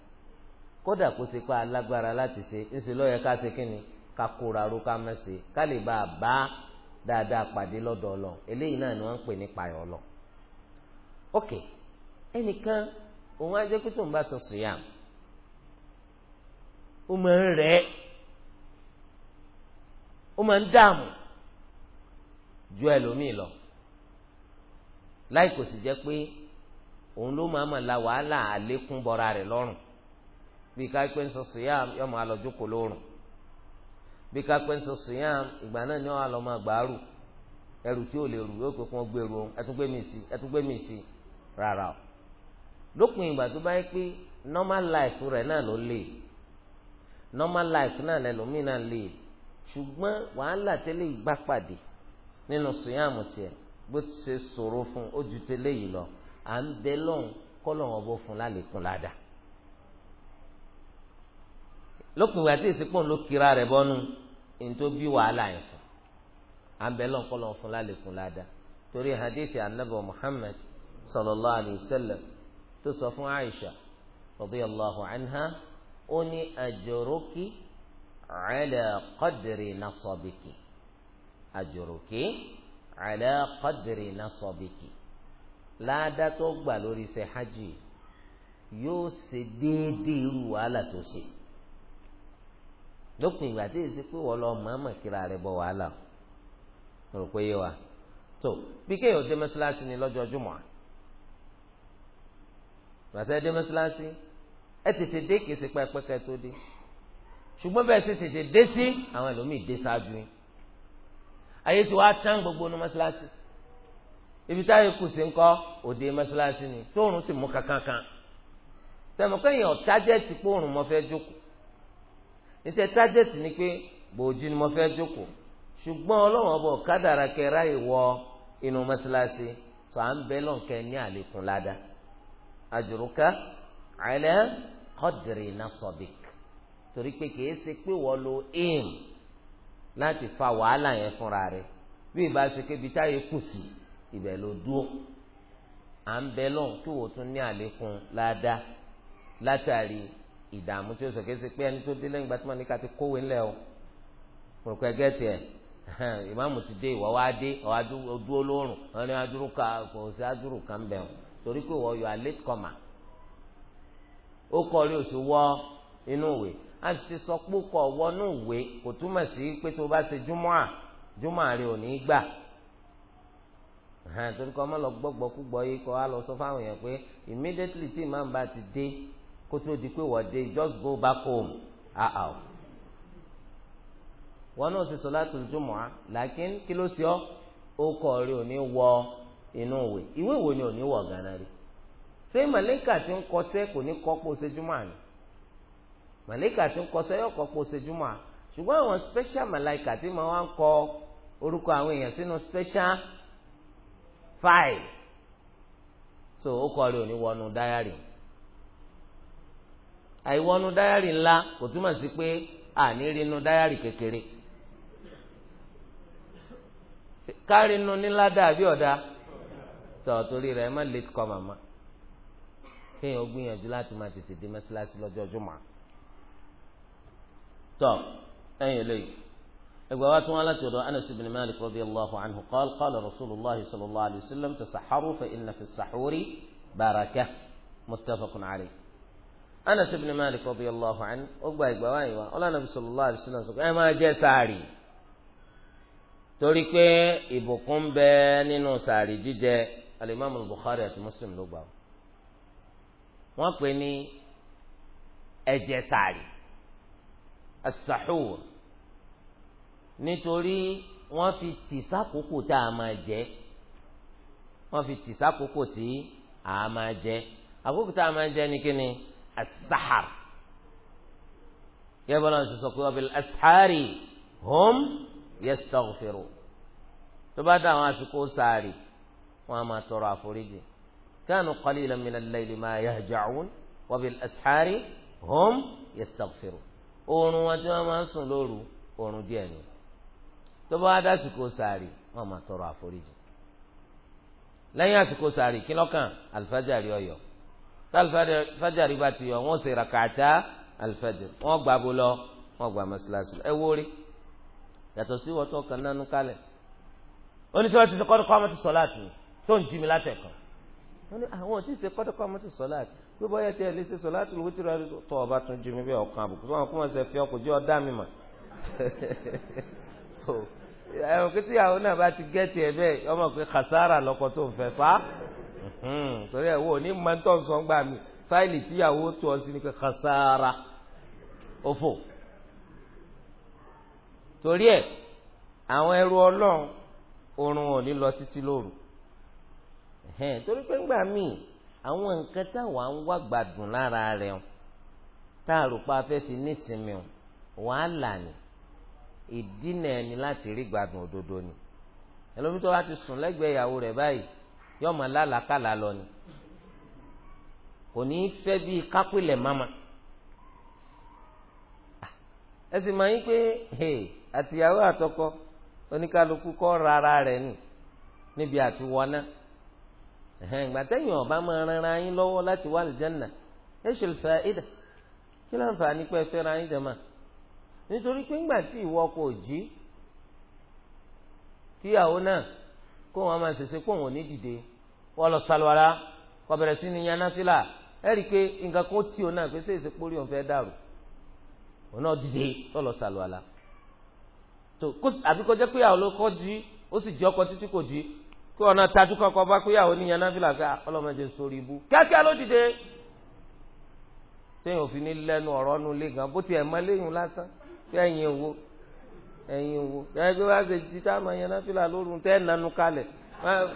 kódà kó ṣe pa alágbára láti ṣe ńṣe ló yẹ ká ṣe kí ká kóra ro ká má ṣe ká lè bá a bá dáadáa pàdé lọ́dọ̀ ọlọ eléyìí náà ni wọ́n ń pè ní ìpáyà ọlọ. okay ẹnìkan òun á jẹ́ pé tóun bá sọ sùyàm ó máa ń rẹ̀ ẹ́ ó máa ń dààmú ju ẹlòmíì lọ láì kò sì jẹ́ pé òun ló máa ma la wàhálà àlékún bọ́ra rẹ̀ lọ́rùn bí kápẹ́ ń sọ sùyàm yọ máa lọ jókòó lórùn bí kápẹ́ ń sọ sùyàm ìgbà náà ni wọ́n á lọ máa gbàárù ẹrù tí ò lè rù yóò pé kí wọ́n gbèrú e ẹtúgbẹ́mìsì ẹtúgbẹ́mìsì rárá o lópin ìgbà tó bá yẹ pé normal life rẹ̀ náà ló lè normal life náà lẹ́lòmíì náà lè ṣùgbọ́n wàhálà tẹ́lẹ̀ ìgbà pàdé nínú sùyàmù tiẹ̀ bó ti ṣe ṣòro fún ó ju tẹ́lẹ̀ yìí lọ à ń bẹ lọ́hùn kọ́lọ́hùn ọbọ̀ fún lálẹ́kùn ládàá lópin ìgbà tí ìsìnkú ló kira rẹ̀ bọ́nu nítorí wàhálà yẹn fún à ń bẹ lọ́hùn kọ́lọ́hùn fún lálẹ́kùn ládàá torí hadith anabi muhammad sallallahu alayhi wa sallam tó sọ fún Aisha radiyallahu anha ó ní ajruki ala qadri nasabiki ajruki ala qadri nasabiki láàdá tó gbà lórí ṣe hajj yóò ṣe déédéé irú wàhálà tó ṣe lópin ìgbà tí èsì pé wọ́n lọ mọ̀ọ́mọ̀ kíra rẹ̀ bọ̀ wàhálà rò pé yé wa tó bí kéèyàn dé mọ́ṣáláṣí ni lọ́jọ́ jùmọ̀ gbàtẹ́ dé mọ́ṣáláṣí ẹ tètè dé kìí ṣe pẹ́ẹ́pẹ́ kẹ́ tó dé ṣùgbọ́n bẹ́ẹ̀ ṣe tètè dé sí àwọn ẹlòmíì dé ṣáájú yín ayé tí wàá tán gbogbo ní mọ́ṣáláṣí ibi táyé kù sí ńkọ́ òde mọ́ṣáláṣí ni tóòrùn sì mú kankankan sẹ́mu kẹ́yìn ọ̀ tájẹ́tì pòòrùn mo fẹ́ jókòó níṣẹ́ tájẹ́tì ni pé gbòòjì ni mo fẹ́ jókòó ṣùgbọ́n ọlọ́run ọba ọ̀kadà ara kẹ́ ráyè wọ inú mọ́ṣáláṣí tó à ń bẹ́ lọ́nkẹ́ ní àlékún ládàá ajruka ala qadri nasabik torí pé kìí ṣe pé wọ́n lo aim láti fa wàhálà yẹn fúnra rẹ̀ bí ìbá ṣe kébi táyé kù sí ibẹ̀ ló dúró à ń bẹ lọ́hùn kí wò tún ní àlékún ládàá látàrí ìdààmú tí ó sọ kéṣe pé ẹni tó dé lẹ́yìn gbàtúmọ̀ ní ká ti kówé ńlẹ̀ o pòròkò ẹgẹ́ tiẹ̀ ìmáàmù ti dé ìwọ́ wá dé ọ̀wá dúró lóòrùn wọn ni adúrú ká kò sí adúrú ká bẹ̀ wọn torí pé wọ́n yọ a late comer ó kọ́ rí oṣù wọ inú ìwé a sì ti sọ pé kọ̀ wọnú ìwé kò túmọ̀ sí pé tó bá ṣe júmọ́ à júmọ́ àrẹ ò ní gbà torí kọ́ ọmọ lọ gbọ́gbọ́ kúgbọ́ yìí kọ́ á lọ sọ fáwọn èèyàn pé immediately tí ìmáà bá ti dé kó tó di pé wọ́n dé just go back home Ah, ah. wọn náà ṣe sọ láti júmọ́ à làákín kí ló ṣe ọ́ ó kọ̀ rí ò ní wọ inú ìwé ìwé wo ni òní wọ̀ gánà rí ṣé màlẹ́kà tí ń kò ní kọ́ pé àná màlẹ́kà tí ń kọsẹ́ yóò kọ́ pé à ṣùgbọ́n àwọn special kọ orúkọ àwọn èèyàn sínú special file so ó kọrọ rí òní wọnú àìwọnú ńlá kò túmọ̀ sí pé àní rínú kékeré dàbí tọ́ torí rẹ̀ ẹ má late kọ́ màmá kéèyàn ó gbìyànjú láti máa tètè dé mọ́sálásí lọ́jọ́ jùmọ̀ tọ́ ẹ̀yìn lẹ́yìn ẹgbẹ́ wa tún wá láti ọ̀dọ̀ Anas ibn Malik radiyallahu anhu qala qala rasulillah sallallahu alayhi wa sallam tasaharu fa inna fi sahuri baraka muttafaqun alayhi Anas ibn Malik radiyallahu anhu ó gba ìgbà wáyé wa ọlọ́run nabi sallallahu alayhi wa sallam sọ ẹ máa jẹ sáàrì torí pé ìbùkún bẹ nínú sàárì jíjẹ alimami Bukhari àti Muslim ló gbà wọ́n pè ní ẹ̀jẹ̀ sàárì asahur nítorí wọ́n fi tì sákòókò tá a máa jẹ wọ́n fi tì sákòókò tí a máa jẹ àkókò tá a máa jẹ ni kí ni asahar yẹ bọ́lá ṣe sọ pé ọbẹ̀ asahari hom yẹ sọ̀fẹ̀rọ̀ tó bá dá àwọn àsìkò sàárì wọn a máa tọrọ àforíjì kanu qalilan minal layli ma yahja'un wa bil ashari hum yastaghfirun oorun wọn tí wọn máa ń sùn lóru oorun díẹ̀ ni tó bá dá àsìkò sàárì wọn máa tọrọ àforíjì lẹ́yìn àsìkò sàárì kí lọ́kàn alifájàrí ọ̀yọ́ tá alifájàrí bá ti yọ wọ́n sì ra kàtá alifájàrí wọ́n gbà bó lọ wọ́n gbà mọ́sálásí ẹ wórí yàtọ̀ sí wọ́tọ̀ kan nánú kálẹ̀ oníṣẹ́ ti sọ kọ́ ọmọ ti sọ láti mi tó ń jí mi látẹ̀kàn wọ́n ní àwọn ò tí ì ṣe kọ́dọ̀kọ́ ọmọ ti sọ́lá pé bọ́yá tí ẹ lè ṣe sọ́lá tó lówó tí ra tó ọba tún jí mi bí ọkàn àbùkù sọ́wọ́n kó wọ́n ṣe fi ọkọ̀ jẹ́ ọ̀dá mi mà so ẹ̀wọ̀n kí tíyàwó náà bá ti gẹ́ tiẹ̀ bẹ́ẹ̀ ọmọ pé kàsára lọ́kọ̀ tó ń fẹ́ sá hmm, torí ẹ̀ wò ní mọ́tò sọ́ngbà mi fáìlì tíyàwó tó ọ sí ni pé kàsára òfò torí ẹ̀ àwọn ẹrú ọlọ́run oorun ò ní lọ títí lóru ẹ̀hẹ́n torí pé ńgbà míì àwọn nǹkan táwa ń wá gbádùn lára rẹ̀ o tá a rò pa afẹ́ fi nísìmí o wàhálà ni ìdínà ẹni láti rí gbádùn òdodo ni ẹlòmíì tó bá ti sùn lẹ́gbẹ̀ẹ́ ìyàwó rẹ̀ báyìí yóò máa lálàákàlà lọ ni kò ní í fẹ́ bíi kápẹ́lẹ̀ máma ẹ sì máa yín pé àtìyàwó àtọkọ oníkálukú kọ́ rárá rẹ̀ nù níbi àtiwọ́ná gbàtẹ́yìn ọ̀bá máa ran ara yín lọ́wọ́ láti wà lìjánà ẹ ṣe fàáìdà kí ló ń fà ní pẹ́ fẹ́ra yín jẹ̀mà nítorí pé ńgbà tí ìwọ kò jí kíyàwó náà kó wọn máa ṣẹṣẹ kó wọn ò ní dìde wọn lọ sàlùwàrà kó bẹ̀rẹ̀ sí ní yanáfílà ẹ rí i pé nǹkan kan tí o náà pé ṣé èsì pórí òun fẹ́ dàrú òun náà dìde lọ lọ sàlùwàrà tó àbí kọjá pé àwọn jí ó sì jí ọkọ títí kò jí kó ọ̀nà tajú kankan bá kó yàwó ọlọ́mọdé sórí ibú kíákíá ló dìde sẹ́yìn òfin ní lẹ́nu ọ̀rọ̀ nu lé gan bó lásán pé tí táwọn yẹn náfìlà lórun tẹ́ nanú kalẹ̀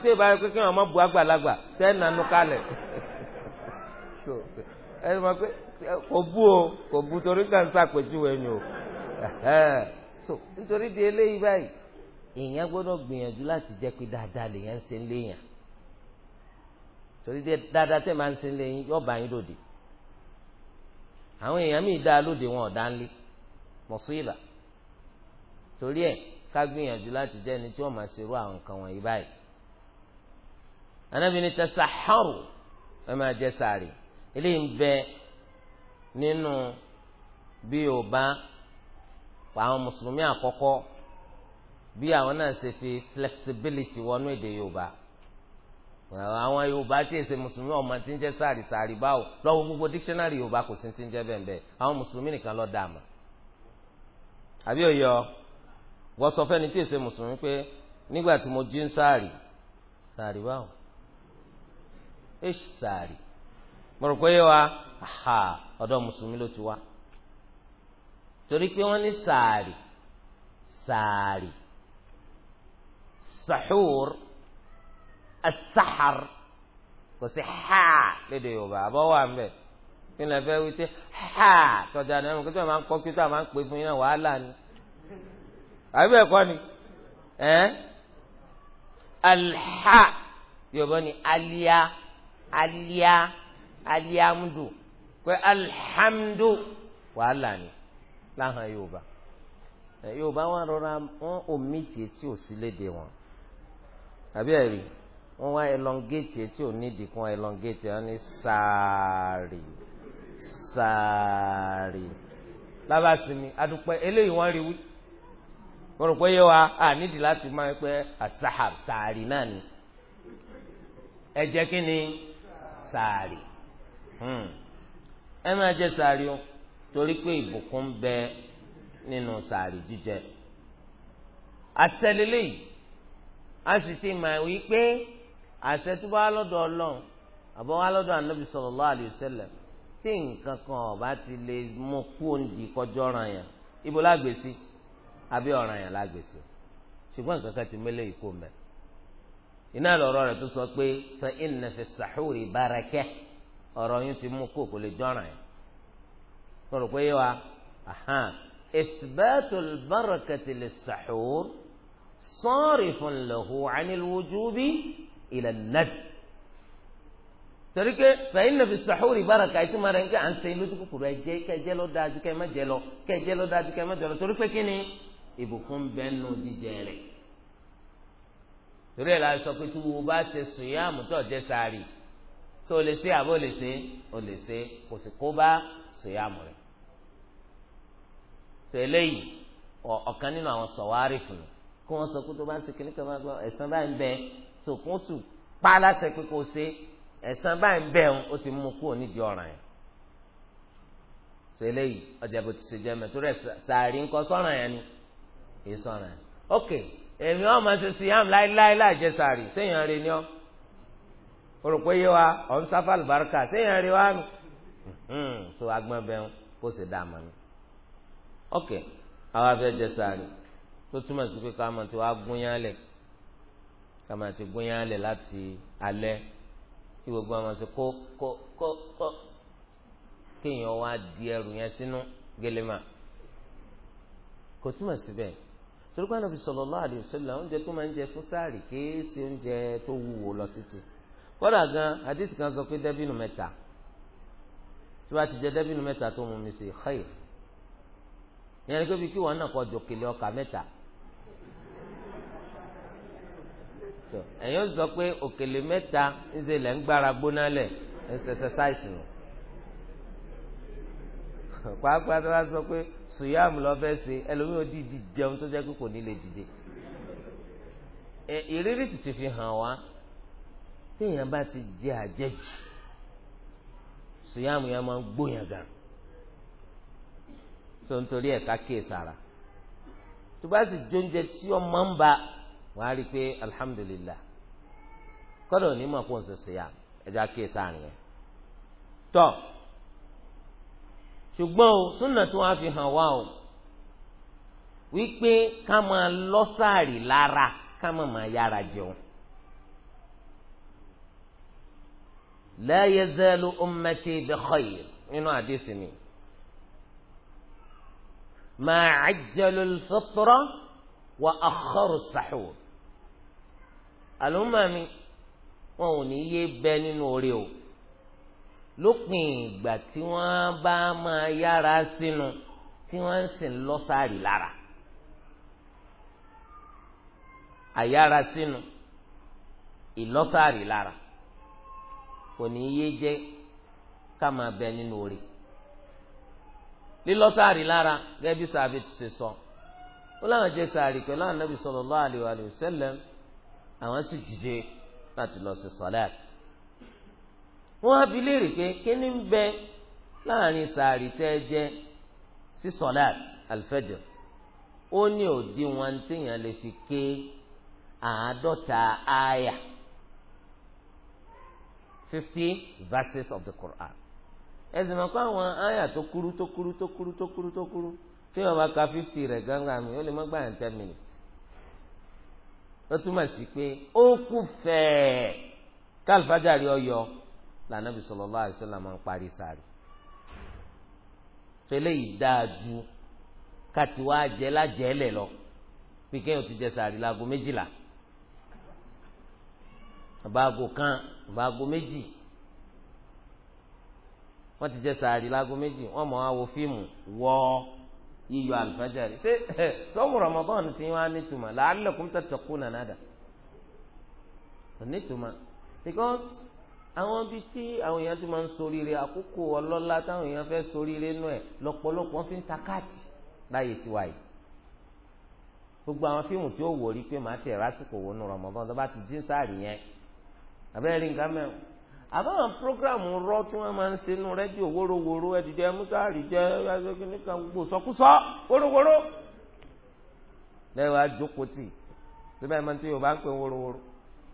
tí ì bá yẹ kékeré ọmọ bu àgbàlagbà tẹ́ nanú kalẹ̀ ẹni pé kò o kò torí o nítorí di eléyìí báyìí èèyàn gbọ́dọ̀ gbìyànjú láti jẹ́ pé dáadáa lèèyàn ń ṣe ń léèyàn torí dáadáa tẹ̀ máa ń ṣe ń léyìn yóò bá yín lòdì àwọn èèyàn míì dáa lòdì wọn ò dá ń torí ẹ ká gbìyànjú láti jẹ́ ẹni tí wọ́n máa ṣerú àwọn nǹkan wọ̀nyí báyìí anábìíní tasaharu ẹ máa jẹ sàárì eléyìí ń bẹ nínú bí ò bá àwọn mùsùlùmí àkọ́kọ́. bí àwọn náà ṣe fi flexibility wọnú èdè yorùbá àwọn yorùbá tí èsè mùsùlùmí ọmọ tí ń jẹ sáàrì sáàrì báwò lọ́wọ́ gbogbo dictionary yorùbá kò sí ti ń jẹ bẹ́ẹ̀ bẹ́ẹ̀ àwọn mùsùlùmí nìkan ló dààmú. àbí òye ọ wọ́n sọ fẹ́ni tí èsè mùsùlùmí pé nígbà tí mo jí ń sáàrì sáàrì báwò èsì sáàrì mo rò pé yé wa ọ̀dọ̀ mùsùlùmí ló ti wá torí pé wọ́n ní sáàrì sáàrì sahur asahar kò sí ha lédè yorùbá àbọ̀ wà mbẹ kí ni ẹ fẹ́ wípé ha tọ́jà náà kí wọ́n máa ń kọ́ kí wọ́n máa ń pè fún yín náà wàhálà ni àbí ẹ̀kọ́ ni ẹ̀ alha yorùbá ni aliya aliya aliamdu pé alhamdu wàhálà ni láhàn yorùbá yorùbá wọn rọra wọn omijì tí ò sí lédè wọn àbí ẹ̀rí wọ́n wá elongate etí ò nídìí kún elongate e, wọ́n ní sáàrì sáàrì lábàásìmí adúpẹ́ eléyìí wọ́n rí wí wọ́n rò pé yé wa à nídìí láti máa pẹ́ asahab sáàrì náà ni ẹ jẹ́ kí ni sáàrì hmm. ẹ máa jẹ sáàrì o torí pé ìbùkún bẹ nínú sáàrì jíjẹ àṣẹ lélẹ́yìí a sì ti mọ̀ wí pé àṣẹ tó bá lọ́dọ̀ ọlọ́run àbọ̀ wá lọ́dọ̀ ànábì sallallahu alaihi wasallam tí nǹkan kan ọ̀bá ti lè mú kú òǹdì kọjọ́ ọ̀ràn yẹn ibo lágbèsí àbí ọ̀ràn yẹn lágbèsí ṣùgbọ́n nǹkan kan ti mélé ìkó mẹ́ iná lọ̀rọ̀ rẹ̀ tó sọ pé fa inna fi sàhúrì barakẹ́ ọ̀rọ̀ yín ti mú kú kò lè jọ́ràn yẹn kọ̀rọ̀ pé yé wa ahan ithbatul barakati lis sàhúrì sarifun lahu anil wujubi ila an-nadb torí pé fẹ̀yìn nàfi sàhóòrì bára ka ìtumọ̀ rẹ̀ nǹkan à ń sẹ́yìn lójú kòkòrò ẹ̀jẹ̀ kẹjẹ́ ló dáa ju kẹ́mẹ́ jẹ lọ kẹjẹ́ ló dáa ju kẹ́mẹ́ jẹ lọ torí pé kí ni ìbùkún bẹ́ẹ̀ nù jíjẹ rẹ̀ torí ẹ̀ la sọ pé tí wo bá ṣe sùyàmù tó jẹ sààrì tó lè lè ṣe ó lè ṣe kò sì kó bá sùyàmù rẹ̀ tó eléyìí ọ̀kan nínú àwọn sọ̀wárì fún un kó wọn sọ pé tó bá ń ṣe kíní kan máa gbọ́ ẹ̀san báyìí ń bẹ sòkún sùn pa láṣẹ pé kò ṣe ẹ̀san báyìí ń bẹ òun ó ti mú kúrò nídìí ọ̀ràn yẹn tẹ́lẹ̀ yìí ọjà bó ti ṣe jẹ mẹ torí ẹ sàárì ńkọ́ sọ̀ràn yẹn ni èyí sọ̀ràn yẹn ok èmi ọmọ ṣe siyam láéláé láàjẹ sàárì séèyàn rè ni ọ o rò pé yé wa ọ ń sáfà lùbáríkà séèyàn rè wa nù hmm, so agbọn bẹ́ẹ̀ kó ṣe dá a ni ok àwọn afẹ́ jẹ sàárì tó túmọ̀ sí pé ká máa ti wá gúnyánlẹ̀ ká máa ti gúnyánlẹ̀ láti alẹ́ kí gbogbo àwọn ṣe kó kó kó kó kéèyàn wá di ẹrù yẹn sínú gẹlẹ́mà kò túmọ̀ síbẹ̀ torípé Ànábì sallallahu alaihi wasallam oúnjẹ tó máa ń jẹ fún sáàrì kìí oúnjẹ tó wúwo lọ títí kódà gan hadith kan sọ pé dẹ́bìnú mẹ́ta tí wàá ti jẹ dẹ́bìnú mẹ́ta tó mú mi sí xeyr ìyẹn ni pé bí kí wọn náà kọ́ jòkèlè ọkà mẹ́ta ẹ̀yin ó sọ pé òkèlè mẹ́ta ń ṣe lẹ́ ń gbára gbóná lẹ̀ ń ṣe exercise nù pàápàá tó bá sọ pé sùyàmù lọ fẹ́ ṣe ẹlòmíì ò dìdì jẹun tó jẹ́ pé kò ní lè dìde. ìrírí sì ti fi hàn wá téèyàn bá ti jẹ àjẹjù sùyàmù yẹn máa ń gbóyàn gan. tó ń torí ẹ̀ ká kíyè tó bá sì jóúnjẹ tí ó máa ń ba wàá rí i pé alhamdulillah kọ́dọ̀ onímọ̀ kó n sèse yá ẹja kí esa nìyẹn tọ́ ṣùgbọ́n o súnà tí wọ́n fi hàn wá o wípé ká máa lọ́sàárì lára ká máa máa yára jẹun. la yazalu ummati nínú àdéhùn mi ma ajjalul fitra wa akhkharu sahur àlùmọ́ mi wọn ò ní yé bẹ́ nínú orí o lópin ìgbà tí wọ́n bá máa yára sínú tí wọ́n ń sìn lọ́sàárì lára àyára sínú ìlọ́sàárì lára kò ní yé jẹ́ ká máa bẹ nínú orí lílọ́sàárì lára gẹ́gẹ́ bí sàbẹ̀ ti ṣe sọ ó láwọn jẹ sàárì pẹ̀lú ànábì sallallahu alaihi wa sallam àwọn sì dìde láti lọ sí sọlẹt wọn á bi léèrè pé kíni ń bẹ láàrin sàárì tẹ ẹ jẹ sí sọlẹt alfẹjọ ó ní òdiwọ̀n téèyàn lè fi ké àádọ́ta àyà fifty verses of the Quran ẹsìn máa kó àwọn àyà tó kúrú tó kúrú tó kúrú tó kúrú tó kúrú tí wọn bá ka fifty rẹ gángan mi ó lè má gbà ten minutes ó túmọ̀ sí pé ó kù fẹ́ẹ́ kálífàjárì ọyọ lànàbì sallallahu alaihi wasallam máa ń parí sààrì tẹ́lẹ̀ yìí dáa ju káti wá jẹ lájẹẹlẹ lọ bí kéèyàn ti jẹ sààrì láago méjìlá àbáago kan àbáago méjì wọ́n ti jẹ sààrì láago méjì wọ́n mọ̀ wá fíìmù wọ́ọ́ yíyọ àlùfájàre ṣé eh, sọ́wọ́ Ramadan ti wá nítumọ̀ la'allakum tattaquna nàdà nítumọ̀ because àwọn bí tí àwọn èèyàn ti máa ń soríire àkókò ọlọ́lá táwọn èèyàn fẹ́ soríire nù ẹ̀ lọ́pọ̀lọpọ̀ wọ́n fi ń ta káàtì láyé tiwa yìí gbogbo àwọn fíìmù tí ó wò rí pé màá ti ẹ̀ rásìkò wọnú Ramadan tó bá ti dín sáàrì yẹn àbẹ́rẹ́ nǹkan mẹ́rin àbáwọn programu rọ tí wọ́n máa ń ṣe nu rẹ́díò wórówóró ẹdìdẹ mùsàárì jẹ ẹgbẹkìnìkan gbogbo sọkúsọ wórówóró lẹwà jókòtì tó báyìí máa ń tí yorùbá ń pè wórówóró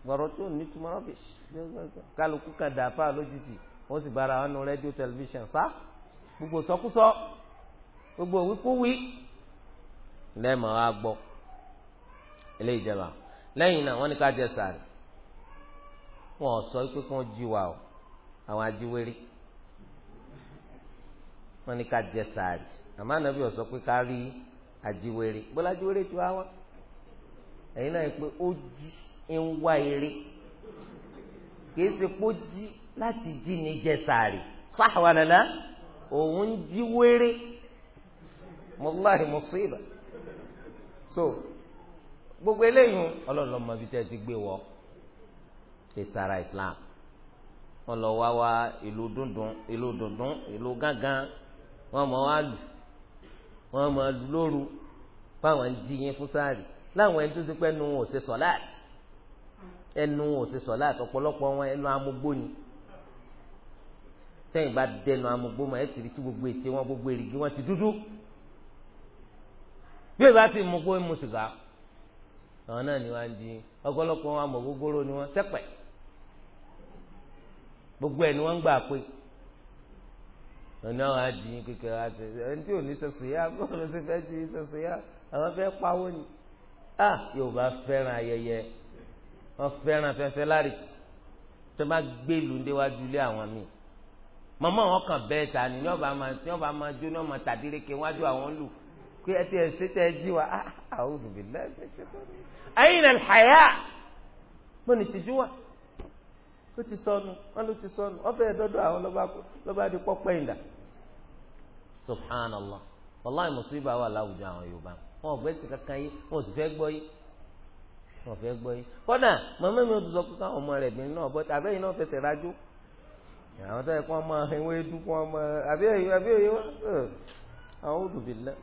gbọrọ tí ò ní túmọ̀ rọbìṣì kálukú kan dàáfà lójijì wọ́n sì bára wọn nu rẹ́díò tẹlifíṣàn sá gbogbo sọkúsọ gbogbo wíkúwí lẹ́ẹ̀mọ́ wa gbọ́ eléyìí jẹba lẹ́yìn náà wọ́n ní ká jẹ sàárì wọn ò sọ pé kí wọ́n jí wa o àwọn ajíwèrè wọ́n ní ká jẹ sàárì àmọ́ ànábì ó sọ pé ká rí ajíwèrè bọ́lá ajíwèrè ti wá wá ẹ̀yin náà yẹ pé ó jí ń wá eré kì ṣe pé ó jí láti jí ní jẹ sàárì sáàwá nàná òun ń jí wéré mọláì mùsíbà so gbogbo eléyìí ọlọ́run lọ́mọ ti gbé wọ́ ìsara islam wọn lọ wá wá ìlú dundun ìlú dundun ìlú gángan wọn mọ wá lù wọn mọ lóru fáwọn ń jí yín fún sáàrì láwọn ẹni tó ṣe pé ẹnu wọn ò ṣe sọláàtì ẹnu wọn ò ṣe sọláàtì ọ̀pọ̀lọpọ̀ wọn ẹnu amúgbó ni tẹ́yìn bá dẹnu amúgbó mọ́ ẹ ti rí tí gbogbo ètè wọn gbogbo èrìgì wọn ti dúdú bí ìbá ti mú kó mu sìgá àwọn náà ni wọn jí ọ̀pọ̀lọpọ̀ wọn amọ̀ gbogbooro ni wọn sẹ́pẹ̀ẹ́ gbogbo ẹ̀ ni wọ́n ń gbà pé ọ̀nà àwọn àdìyìn kékeré á ṣe ẹni tí ò ní sọ̀sọ̀ yá bọ́ọ̀ ló ṣe fẹ́ ti sọ̀sọ̀ yá àwọn fẹ́ pawó ni ah Yorùbá fẹ́ràn ayẹyẹ wọ́n fẹ́ràn fẹ́fẹ́ láàrìkì tó bá gbé ìlú déwájú ilé àwọn míì màmá wọn kàn bẹ́ẹ̀ ta ni ní ọba máa jó ní ọmọ tàdíréke wájú àwọn lù kí ẹ ti ẹ ṣe tẹ ẹ jí wa ah àwọn olùbí lẹ́sẹ̀ ṣe tó ayé ó ti sọnù wọn ló ti sọnù ọbẹ̀ ẹ̀dọ́dọ̀ àwọn lọ́ba di pọ́pẹ́ ìdá. subhanallah wàláì mùsùlùmí wà láwùjọ àwọn yorùbá wọn ò gbẹ́sì kankan yìí wọn ò sì fẹ́ gbọ́ yìí wọn ò fẹ́ gbọ́ yìí kódà màmá mi ò tún sọ pé káwọn ọmọ rẹ̀ bìnrin náà bọ́ àbẹ́yìn náà fẹsẹ̀ rájú àwọn tó yẹ kó ọmọ ẹ̀wọ̀n edu kó ọmọ àbẹ́yìn àbẹ́yìn wọn àwọn olùbílẹ̀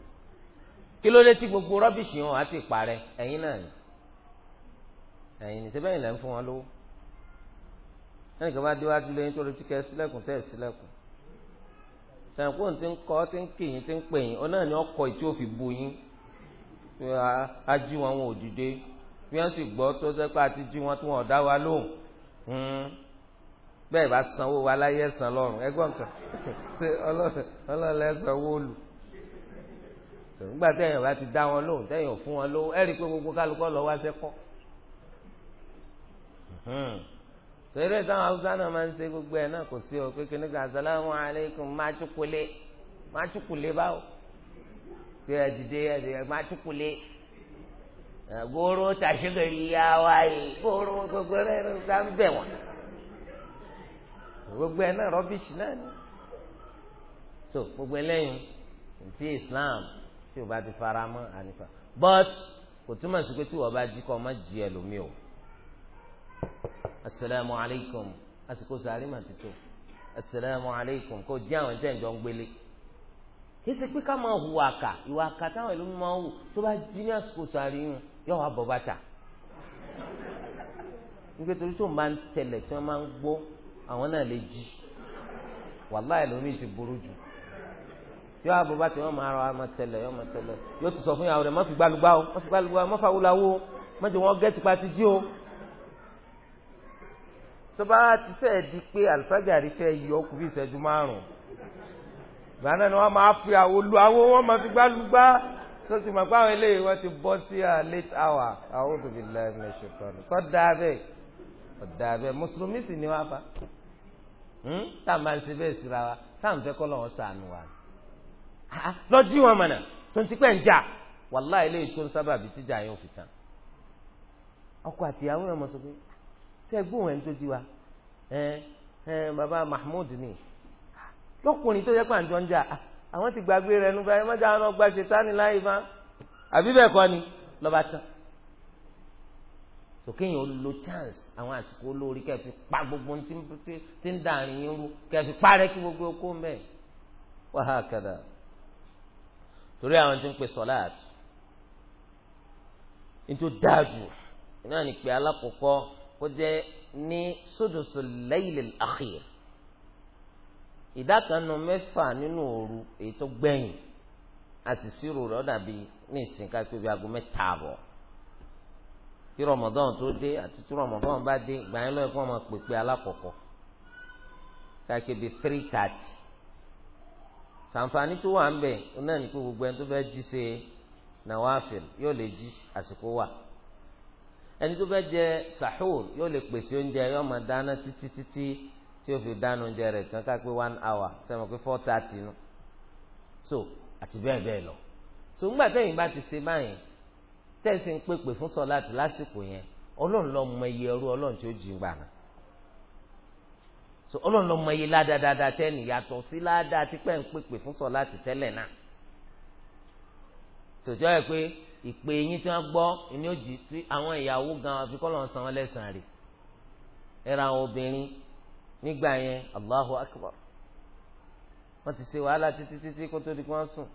kí ló dé tí gbogbo rọ́bìṣì wọn àti ìparẹ́ ẹ̀yin náà ni ẹ̀yin ní sẹ́bẹ̀yìn lẹ́ fún wọn lówó lẹ́yìn kan bá déwájú lóyún tó retí kẹ́ sílẹ̀kùn tẹ́ sílẹ̀kùn sẹ̀kùn ti ń kọ́ ti ń kìyìn ti ń pè yín ọ̀nà ni ọkọ̀ tí ó fi bu a jí wọn wọn ò dìde bí wọ́n sì gbọ́ tó sẹ́ pé a ti jí wọn tí wọn ò dá wa lóhùn bẹ́ẹ̀ bá sanwó wa láyé ẹ̀sán lọ́rùn ẹgbọ́n kan ṣé ọlọ́ọ̀lẹ́ sanwó lù nígbà tẹ̀yìn bá ti dá wọn lóhùn tẹ̀yìn fún wọn lóhùn ẹ̀rí pé gbogbo kálukọ́ lọ wá sẹ́kọ̀ọ́ tẹ́lẹ̀ táwọn haúsá náà máa ń ṣe gbogbo ẹ̀ náà kò sí ọ pé kíní kan asalaamu aleykum mátukule mátukule báwo pé ẹ dìde ẹ dìde mátukule gbóró tàṣígẹ̀rì yá wáyé gbóró gbogbo ẹ̀ náà ń bẹ̀ wọ́n gbogbo ẹ̀ náà rọ́bìṣì náà ni so gbogbo ẹlẹ́yin ti Islam tí o bá ti fara mọ́ ànífà but kò túmọ̀ sí pé tí wọ́n bá jí kọ́ ọ má jí ẹlòmíì o asalaamu alaykum àsìkò sàárì mà ti tó asalaamu alaykum kò jẹ́ àwọn tẹ̀ ń jọ ń gbélé kì í ṣe pé ká máa hùwà kà ìwà kà táwọn ìlú máa hù tó bá jí ní àsìkò sàárì yìí yóò wá bọ́ bàtà nígbà tó tó máa ń tẹlẹ̀ tí wọ́n máa ń gbọ́ àwọn náà lè jí wàláì lómi ti burú jù yọ abo bá ti wọn máa rọ ọmọ tẹ́lẹ̀ ọmọ tẹ́lẹ̀ yóò ti sọ fún yàrá rẹ má fi gbálùgbá o má fi gbálùgbá o má fa wúlawó má jẹ wọn gẹ tipa ti jí o tó bá ti fẹ́ di pé àlùfáàjàrí fẹ́ yọ kù bí ìṣẹ́jú márùn-ún ìgbà náà ni wọ́n máa fi àwọn lu àwọn máa fi gbálùgbá tó ti mọ̀ àwọn eléyìí wọ́n ti bọ́ sí à late hour àwọn òbí lẹ́yìn ní ṣùkọ́ni kọ́ dáa bẹ́ẹ̀ kọ́ dáa bẹ́ẹ̀ mùsùlùmí sì ni wọ́n fa hmm? tá a máa ń ṣe bẹ́ẹ̀ síra wa tá à ń fẹ́ kọ́ lọ́wọ́ sànù wa ah, lọ́jí wọn mọ̀nà tó ń ti pẹ́ ń jà wàláì eléyìí tó ń sábà bíi yóò fi tán ọkọ àtìyàwó ẹ̀ mọ̀ sọ pé ṣe gbóhùn ẹni tó ti wá ẹ ẹ bàbá Mahmood ni lọkùnrin tó yẹ pé àjọ ń jà àwọn ti gbàgbé rẹ nu báyìí mọ́jà àwọn ọgbà ṣètánì láyé fa àbí bẹ́ẹ̀ kọ́ ni lọ́ba tán sòkéyìn ó lo chance àwọn àsìkò olórí kẹ́ fi pa gbogbo tí ń dàrin yín rú kẹ́ fi parẹ́ kí gbogbo okó ń bẹ̀ wàhálà kàdà torí àwọn tí ń pe sọláàtì ní tó dáa jù náà ní pé alákọ̀ọ́kọ́ kó jẹ́ ní sódòsó lẹ́yìn àkìr ìdákanu mẹ́fà nínú òru èyí tó gbẹ̀yìn àṣìṣirò rẹ̀ dàbí ní ìsìnká pé bí aago mẹ́ta àbọ̀ kí rọmọdán tó dé àti tí rọmọdán bá dé ìgbà yẹn lọ́yẹ̀ kó wọn pèpè alákọ̀ọ́kọ́ káàkiri bíi three thirty sàǹfààní tó wà ń bẹ̀ ọ náà ní pé gbogbo ẹni tó fẹ́ jí ṣe nàwáfíl yóò lè jí àsìkò wà. ẹni tó fẹ́ jẹ sahur yóò lè pèsè oúnjẹ yóò máa dáná títí títí tí o fi dáná oúnjẹ rẹ̀ tán ká pé one hour sẹ́mi pé four thirty nu so àti bẹ́ẹ̀ bẹ́ẹ̀ lọ so ńgbà tẹ́yìn bá ti ṣe báyìí tẹ́sí ń pèpè fún sọ̀láàtì lásìkò yẹn ọlọ́run ló mọ iye ẹrú ọlọ́run tí ó jí gbà náà so ọlọ́run ló mọ iye ládàdàdà tẹ́ni yàtọ̀ sí ládàá tí pẹ́ ń pèpè fún sọ̀láàtì tẹ́lẹ̀ náà tòjọ́ ẹ̀ pé ìpè yín tí wọ́n gbọ́ ni ó jì tí àwọn ìyàwó gan àfi kọ́ lọ́n san wọn lẹ́sàn-án rè ẹ̀rọ àwọn obìnrin nígbà yẹn Allahu Akbar wọ́n ti ṣe wàhálà títí títí kó tó di kí wọ́n sùn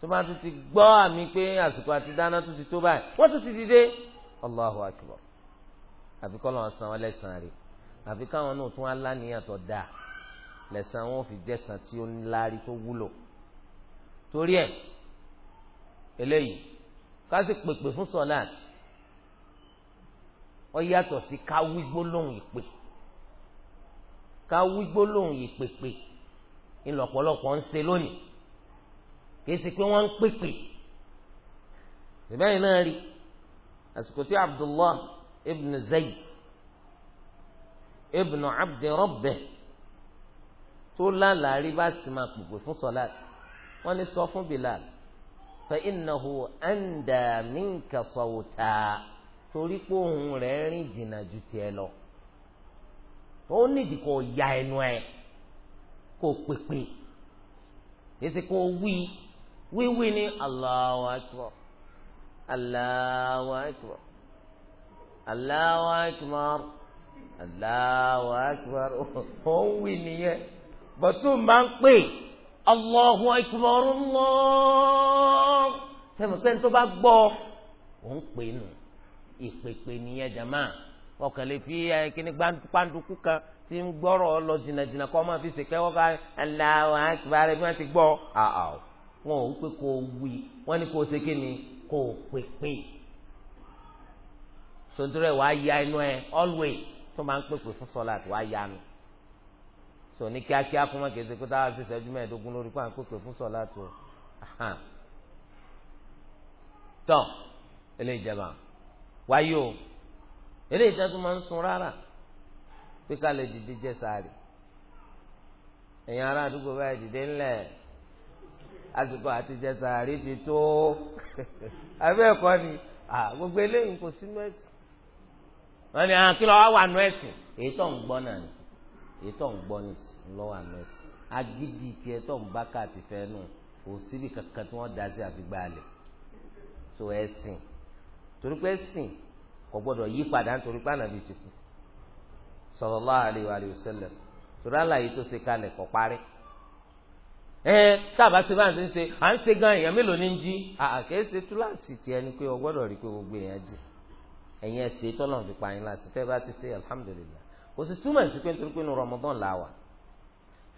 tó bá tún ti gbọ́ àmì pé àsìkò àti dáná tún ti tó báyìí wọ́n tún ti dìde Allahu Akbar àfi kọ́ lọ́n san wọn lẹ́sàn-án rè àfi káwọn náà tún wá lánìyàn tó dáa lẹ́sàn wọn fi jẹ́sàn tí ó ń lárí tó wúlò torí ẹ̀ eléyìí ká sì pèpè fún sọ̀láàt ó yàtọ̀ sí ká wí gbólóhùn ìpè ká wí gbólóhùn ìpèpè ńlọ́pọ̀lọpọ̀ ń ṣe lónìí kìí sì pé wọ́n ń pèpè ìbẹ́yìn náà rí àsìkò tí Abdullah ibn Zayd ibn Abdi tó lálàá rí bá sì máa pèpè fún sọ̀láàt wọ́n ní sọ fún Bilal fa innahu anda minka sawta torí pé ohùn rẹ̀ rìn jìnnà ju tiẹ̀ lọ ó nídìí kó ya ẹnu ẹ kó pèpè èsì kó wí wíwí ní Allahu akbar Allahu akbar Allahu akbar Allahu akbar ó ń wí nìyẹn bọ́tún máa ń pè é. Allahu akbar Allah sẹ́mi pé tó bá gbọ́ òun pè nù ìpèpè nìyẹn jama ọkàn lè fi kíní gbàǹdùkú kan tí ń gbọ́rọ̀ lọ jìnnàjìnnà kọ́ máa fi ṣèkẹ́wọ́ ká Allahu akbar bí wọ́n ti gbọ́ àà ò pé kó wí wọ́n ní kó ṣe kí ni kó pèpè sotoro wàá ya inú ẹ always tó máa ń pèpè fún sọlá àti wàá ya nù so ní kíákíá kó má kéde kó táwa ṣe ṣẹ́jú mẹ́ẹ̀ẹ́dógún lórí kó à ń pèpè fún sọ láti o tọ́ eléyìí jẹba wáyé o eléyìí tẹ́tù máa ń sun rárá pé ká lè dìde jẹ sáré èèyàn ará àdúgbò báyìí dìde ńlẹ̀ àsìkò àti jẹ sáré ti tó abẹ́ ẹ̀kọ́ ni gbogbo eléyìí kò sínú ẹ̀sìn wọ́n ní àkìlọ̀ wà nù ẹ̀sìn èyí tó ń gbọ́ náà ni èyí tó ń gbọ́ nìsí lọ́wọ́ àmẹ́sì agídí tiẹ̀ tó ń bá káàtì fẹ́ nù kò síbi kankan tí wọ́n dá sí àfigbálẹ̀ so ẹ̀sìn torí pé ẹ̀sìn kò gbọ́dọ̀ yí padà nítorí pé ànábì ti kú sallallahu alaihi wa sallam torí àlàyé tó ṣe kalẹ̀ kò parí ẹ tábà ṣe bá ń ṣe ń ṣe à ń ṣe gan èèyàn mélòó ní ń jí àkè ṣe túláàsì tí ẹni pé o gbọ́dọ̀ rí pé gbogbo èèyàn jì ẹ̀yin ẹ̀ṣẹ̀ tọ́lọ̀ fi pa yín láti fẹ́ bá ti ṣe alhamdulillah kò sì túmọ̀ sí pé nítorí pé nu Ramadan là wà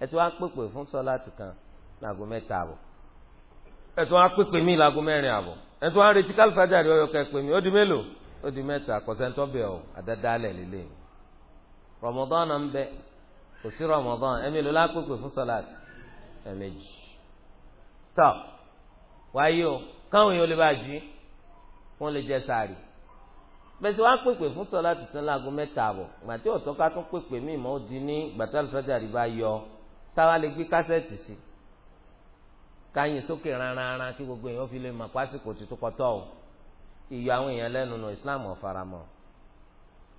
ẹ ti wá pèpè fún sọ́láàtì kan láago mẹ́ta àbọ̀ ẹ ti wá pèpè mí láago mẹ́rin àbọ̀ ẹ ti wá retí kálífàjà rí ọyọkẹ́ pè mí ó di mélòó ó di mẹ́ta kọ̀sẹ́ńtọ́ bẹ̀ ọ́ àdádálẹ̀ lélẹ́yìn Ramadan náà ń bẹ kò sí Ramadan ẹ̀mí ló lápèpè fún sọ́láàtì ẹ̀mẹ́jì tọ́ wáyé o káwọn èèyàn lè bá jí wọ́n lè jẹ sààrì bẹ́sẹ̀ wá pèpè fún sọlá tuntun láago mẹ́ta àbọ̀ gbàtí ọ̀tọ́ ká tún pèpè mí mọ́ ó di ní gbàtí alifájà rí bá yọ sáwá lè gbé kásẹ̀tì sí káyìn sókè rárá kí gbogbo èèyàn fi lè mọ̀ pásìkò tuntun kọ́tọ́ o ìyọ àwọn èèyàn lẹ́nu nù Islam ọ̀faramọ̀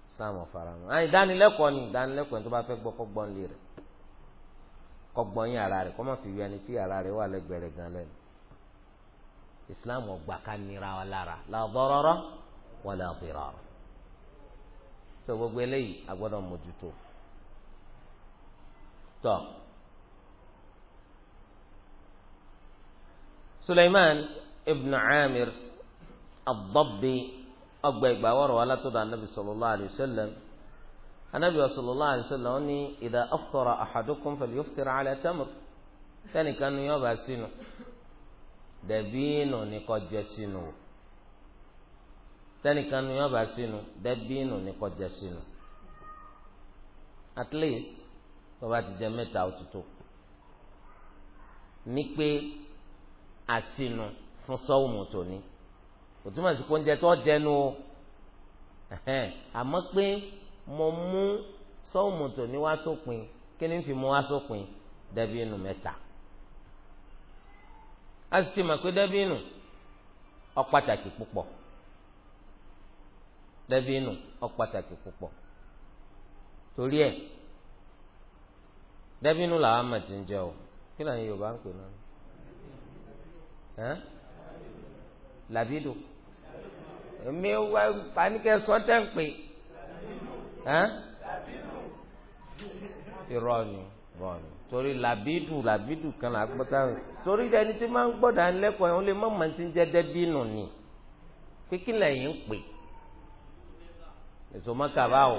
Islam ọ̀faramọ̀ àyìn ìdánilẹ́kọ̀ọ́ ni ìdánilẹ́kọ̀ọ́ ni tó bá fẹ́ gbọ́ kọ́ gbọ́n rẹ̀ kọ́ yín ara la darara ولا ضرار تو ولي اغوضا مجتو تو سليمان ابن عامر الضبي أبوي باور ولا تدع النبي صلى الله عليه وسلم النبي صلى الله عليه وسلم أني إذا أفطر أحدكم فليفطر على تمر كان كان يوبا سينو دبينو نقجسينو tẹnìkan ni wọn bá sínú dẹbìínù ní kọjá sínú at least tó bá ti jẹ mẹ́ta òtútù ní pé àsínú fún sọ́ọ̀mù tòní kò túmọ̀ sí oúnjẹ tó jẹnu o àmọ́ pé mo mú sọ́ọ̀mù tòní wá sópin kí ni fi mú wá sópin dẹbìínù mẹ́ta a sì ti mọ̀ pé dẹbìínù ó pàtàkì púpọ̀ dàbínù ó pàtàkì púpọ̀ torí ẹ̀ dàbínù làwọn àmà ti ń jẹ o kí làwọn Yorùbá ń pè náà hàn làbídò èmi wá fanikẹ́ sọ́tẹ̀ ń pè hàn irọ́ ni irọ́ ni torí làbídù làbídù kan là gbọ́ torí ẹni tí máa ń gbọ́dọ̀ alẹ́kọ̀ọ́ ẹ̀ wọ́n lè má màá ti ń jẹ́ dẹ́bínù ni pé kí lẹ́yìn ń pè èso mọ́kà báwò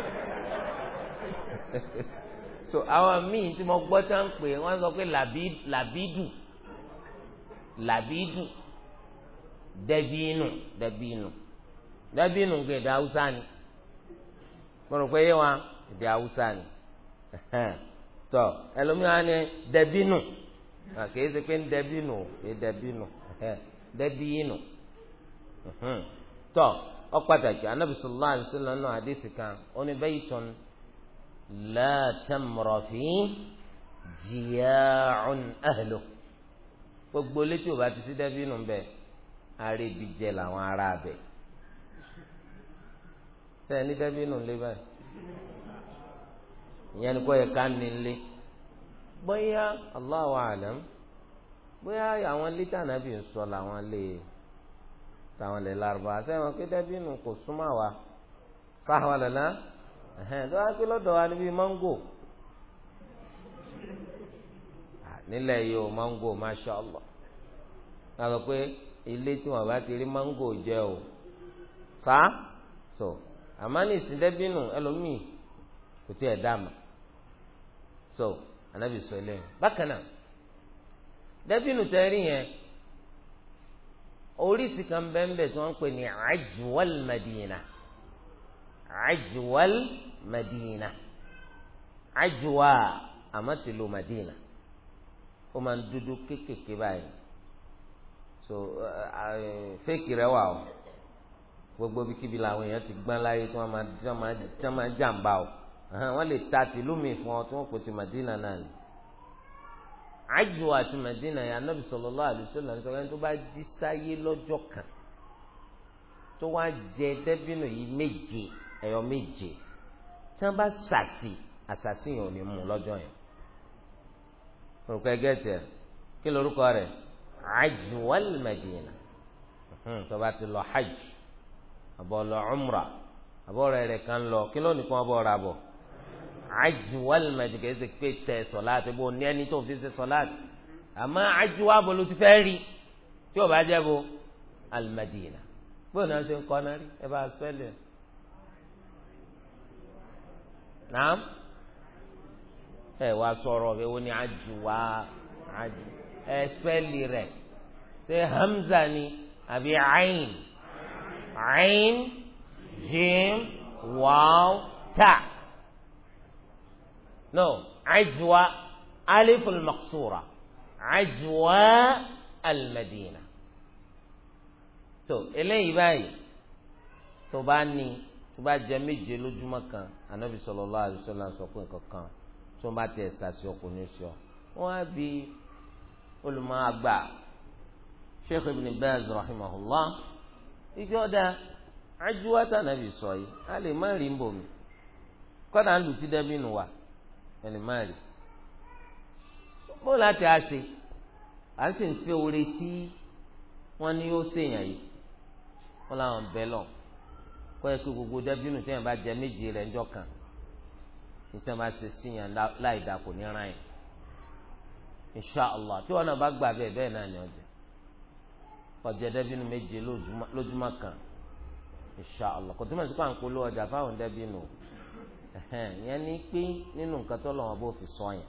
so àwọn míì tí mo gbọ́ tá à ń pè wọ́n sọ pé làbídù làbídù dẹ́bínù dẹ́bínù dẹ́bínù nǹkan èdè haúsá ni mo rò pé yé wa èdè haúsá ni tọ ẹlòmíràn ni dẹ́bínù kì í ṣe pé dẹ́bínù kì dẹ́bínù dẹ́bínù tọ ọ̀pàtàkì anabi sallallahu alayhi wa sallam náà àdìsí kan oníbẹ̀yìtàn látàmùrọ̀fì jìyàrún àhìlò gbogbo létí ò bá ti sí dẹ́bínú bẹ́ẹ̀ àrèbìjẹ làwọn ará abẹ sẹ́yìn ní dẹ́bínú lé báyìí ìyẹn ni kò yẹ ká ní lé bóyá Allahu alam bóyá àwọn lítà nàbì ń sọ làwọn lé e. táwọn ilẹ̀ lárúbá sẹ́wọ̀n pé dẹ́bìnù kò súnmọ́ wa sáwọn lẹ́la ẹ̀hẹ́n tó wá pé lọ́dọ̀ wa níbi mọ́ngò nílẹ̀ yìí mọ́ngò masha allah pé ilé tí wọ́n bá ti rí mọ́ngò jẹ́ o sá so àmọ́ si ẹlòmíì kò tí ẹ̀ so anabi sọ bákan náà dẹ́bìnù tẹ́ rí oríṣi kan bẹ́ẹ̀ tí wọ́n ń pè ní ajwal madina ajwal madina ajwa àmọ́ madina ó máa ń dúdú kéékèèké báyìí so fake rẹ wà o gbogbo bíkíbi làwọn èèyàn ti gbọ́n láyé tí wọ́n máa jàǹbá o wọ́n lè ta tìlú mi fún ọ tí wọ́n pè ti madina náà ni àjùwà àti mẹdínà yà nàbì sallallahu alaihi wasallam sọ ẹni tó bá jí sáyé lọ́jọ́ kan tó wá jẹ dẹbìnú yìí méje ẹyọ méje tí wọn bá sàṣì àṣàṣì yẹn ò ní mú lọ́jọ́ yẹn orúkọ ẹgẹ tiẹ kí lorúkọ rẹ̀ àjùwà mẹdínà tó bá ti lọ hajj àbọ̀ lọ umra àbọ̀ rẹ̀ rẹ̀ kan lọ kí lónìí kan bọ̀ ra bọ̀ ajiwali mẹjọkẹ ẹsẹ pé tẹ sọláàtì bó ní ẹni tó fi ṣe sọláàtì àmọ́ ajiwa bolo ti fẹ́ rí tí o bá jẹ bo alimadina bó náà ṣe ń kọ́ náà rí ẹ bá spẹlẹ naam ẹ wá sọ̀rọ̀ ẹ wo ni ajiwa ẹ spẹlẹ rẹ ṣe hamza ni àbí ayin ayin jim waaw ta no ajwa aliful maqsura ajwa almadina tó eléyìí báyìí tó bá ní tó bá jẹ méje lójúmọ́ kan anabi sallallahu alaihi wasallam sọ pé nǹkan kan tó bá tẹ ṣàṣì ọkùnrin sí ọ wọn á bi olùmọ̀ àgbà sheikh ibn baz rahimahullah ike ọdà ajwa tànàbì sọ yìí a lè má rí bòmí kọ́dà ń lù tí dẹ́bí nù wá ẹni máa rí bó láti á ṣe à ń sì ń fẹ́ oore tí wọ́n ní ó ṣèyàn yìí wọ́n láwọn bẹ́ẹ̀ lọ kọ́ ẹ pé gbogbo dẹ́bínú tí yẹn bá jẹ méje rẹ̀ ńjọ́ kan ní tí wọ́n bá ṣe síyàn láì dà kò ní ra yẹn inshàlá tí wọn náà bá gbà bẹ́ẹ̀ bẹ́ẹ̀ náà ni ọjà ọjà dẹ́bínú méje lójúmọ́ kan inshàlá kò túmọ̀ sí pàǹkó ló ọjà fáwọn dẹ́bínú o ìyẹn ni pé nínú nǹkan tó lọ́wọ́ bó fi sọ yẹn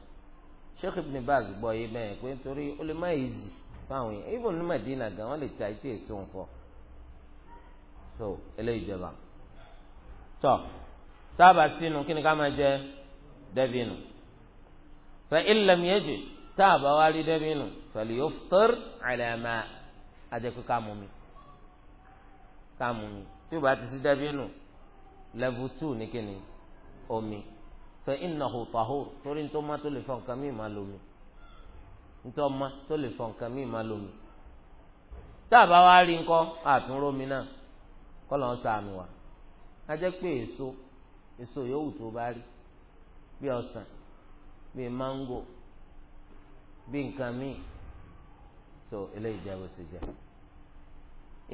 Sheikh Ibn Baz gbọ́ yé bẹ́ẹ̀ pé nítorí ó lè má èzì fáwọn yẹn even ní Madina gan wọ́n lè ta etí èso ń fọ́ so eléyìí jẹba tọ́ sábà sínú kí ni ká máa jẹ dẹ́bìnú fa illam yajid táàbà wá rí dẹ́bìnú falyuftir ala ma àjẹkù ká mi ká mi tí o bá ti sí dẹ́bìnú level two ní kí omi fa innahu tahur torí nítorí tó lè fọ nǹkan lomi nítorí tó lè fọ nǹkan lomi a bá wá rí ńkọ́ náà kọ́ lọ́n sàmì wá a pé èso èso yòówù tó bá rí bí bí bí so eléyìí jẹ́ bó ṣe jẹ́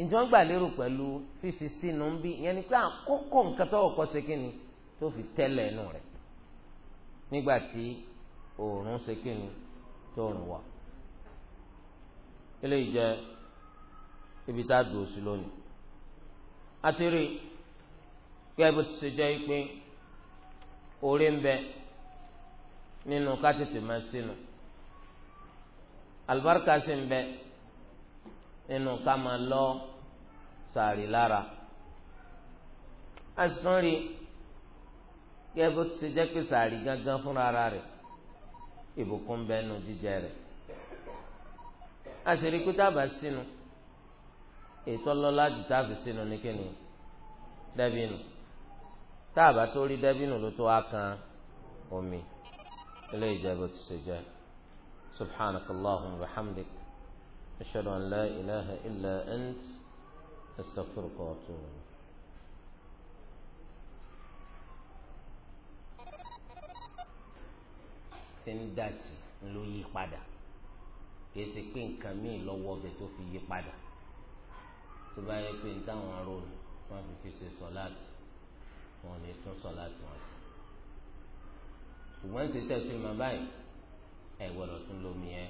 ǹjọ́ ń gbà lérò pẹ̀lú fífi sínú bí ìyẹn tó fi tẹ́lẹ̀ ẹnu rẹ̀ nígbà tí oòrùn ṣe kí ni tó rùn wá eléyìí jẹ́ ibi tá a dùn sí lónìí àti rí gẹ́gẹ́ bó ti ṣe jẹ́ pé orí ń bẹ nínú ká tètè máa sínú alibarika sì ń bẹ nínú ká máa lọ sàrí lára àsán rí kẹ́ bó ti ṣe jẹ́ pé sàárì gangan fúnra ara rẹ̀ ìbùkún bẹ́nu jíjẹ rẹ̀ àṣírí pé tábà sínú ètò ọlọ́lá jù táàbì sínú ní kíni dẹ́bìnù táàbà tó rí dẹ́bìnù ló tó wá kan omi ilé ìjẹ́bù ti ṣe jẹ́ subhanaka allahumma wa hamdik ashhadu an la ilaha illa ant astaghfiruka wa atubu ti ń dà sí ló yí padà kì í ṣe pé nǹkan míì lọ́wọ́ ọbẹ̀ tó fi yí padà tó bá yẹ pé táwọn aróòlù wọn fi fi ṣe sọláàtì wọn ò ní tún sọláàtì wọn sí ṣùgbọ́n ṣe tẹ̀sí ma báyìí ẹ̀ gbọ́dọ̀ tún lómi ẹ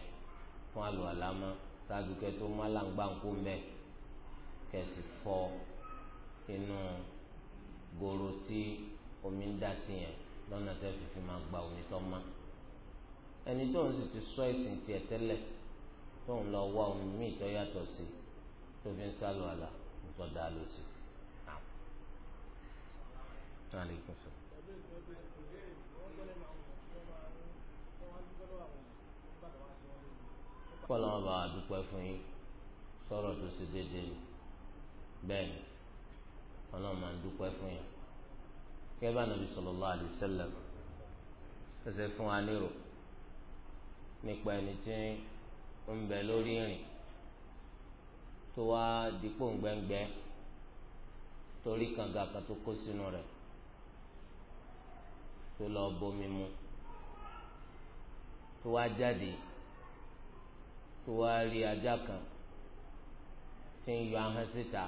fún àlùwàlá mọ́ ṣáájú kẹ́ tó mú aláǹgbá ńkó mẹ́ kẹ́sì fọ inú goro tí omi ń dà sí yẹn lọ́nà tẹ́ fi fi máa gba omi tó máa ẹni tó ń sì ti sọ ẹ̀sìn tiẹ̀ tẹ́lẹ̀ tó ń lọ wá omi míì tó yàtọ̀ sí tó fi ń sálọ àlà nǹkan dá lọ sí. kọ́lọ́ ọba àdúpẹ́ fún yín sọ̀rọ̀ tó ṣe déédéé ni bẹ́ẹ̀ ni ọlọ́run máa ń dúpẹ́ fún yín kẹ́bà nàbì sallallahu alaihi wasallam ẹsẹ̀ fún wa nírò nípa ẹni tí ń bẹ lórí ìrìn tó wá dípò ngbẹ́ngbẹ́ torí kànga kan tó kó sínú rẹ̀ tó lọ bomi mu tó wá jáde tó wá rí ajá kan tí ń yọ ahọ́n síta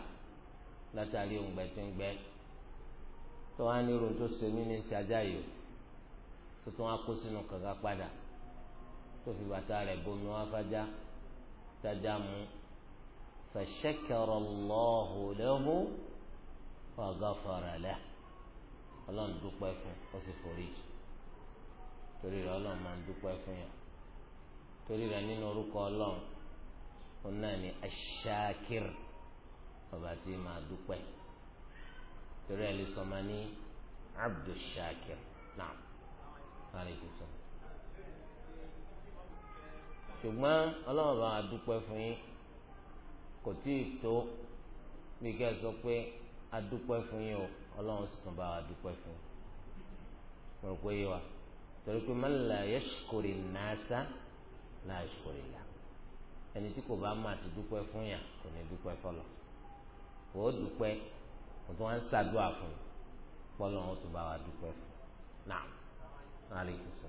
látàrí òǹgbẹ tí ń gbẹ tó wá nírun tó ṣe mí ní ṣe yìí tó tún wá kó sínú kànga padà tó fi bàtà rẹ̀ bomi wá fájá tájá mu fashakara Allahu lahu wa ghafara lahu ọlọ́run dúpẹ́ fún ó sì forí torí rẹ̀ ọlọ́run máa ń dúpẹ́ fún yàn torí rẹ̀ nínú orúkọ ọlọ́run òun náà ni aṣáàkìr ọba tí máa dúpẹ́ torí ẹ̀ lè sọ ma ní abdulshakir náà. Alaikum salaam ṣùgbọ́n ọlọ́run bá wa dúpẹ́ fún yín kò tí ì tó bí kẹ́ ẹ sọ pé a dúpẹ́ fún yín o ọlọ́run sì tún bá wa dúpẹ́ fún yín mo rò pé yé wa torí pé man la yashkuri nasa la yashkuri la ẹni tí kò bá máa ti dúpẹ́ fún yàn kò ní dúpẹ́ fọlọ́ kò ó dúpẹ́ kò tó wá ń ṣàdúrà fún yín pọ́lọ́run ó tún bá wa dúpẹ́ fún yín náà alaikum salaam.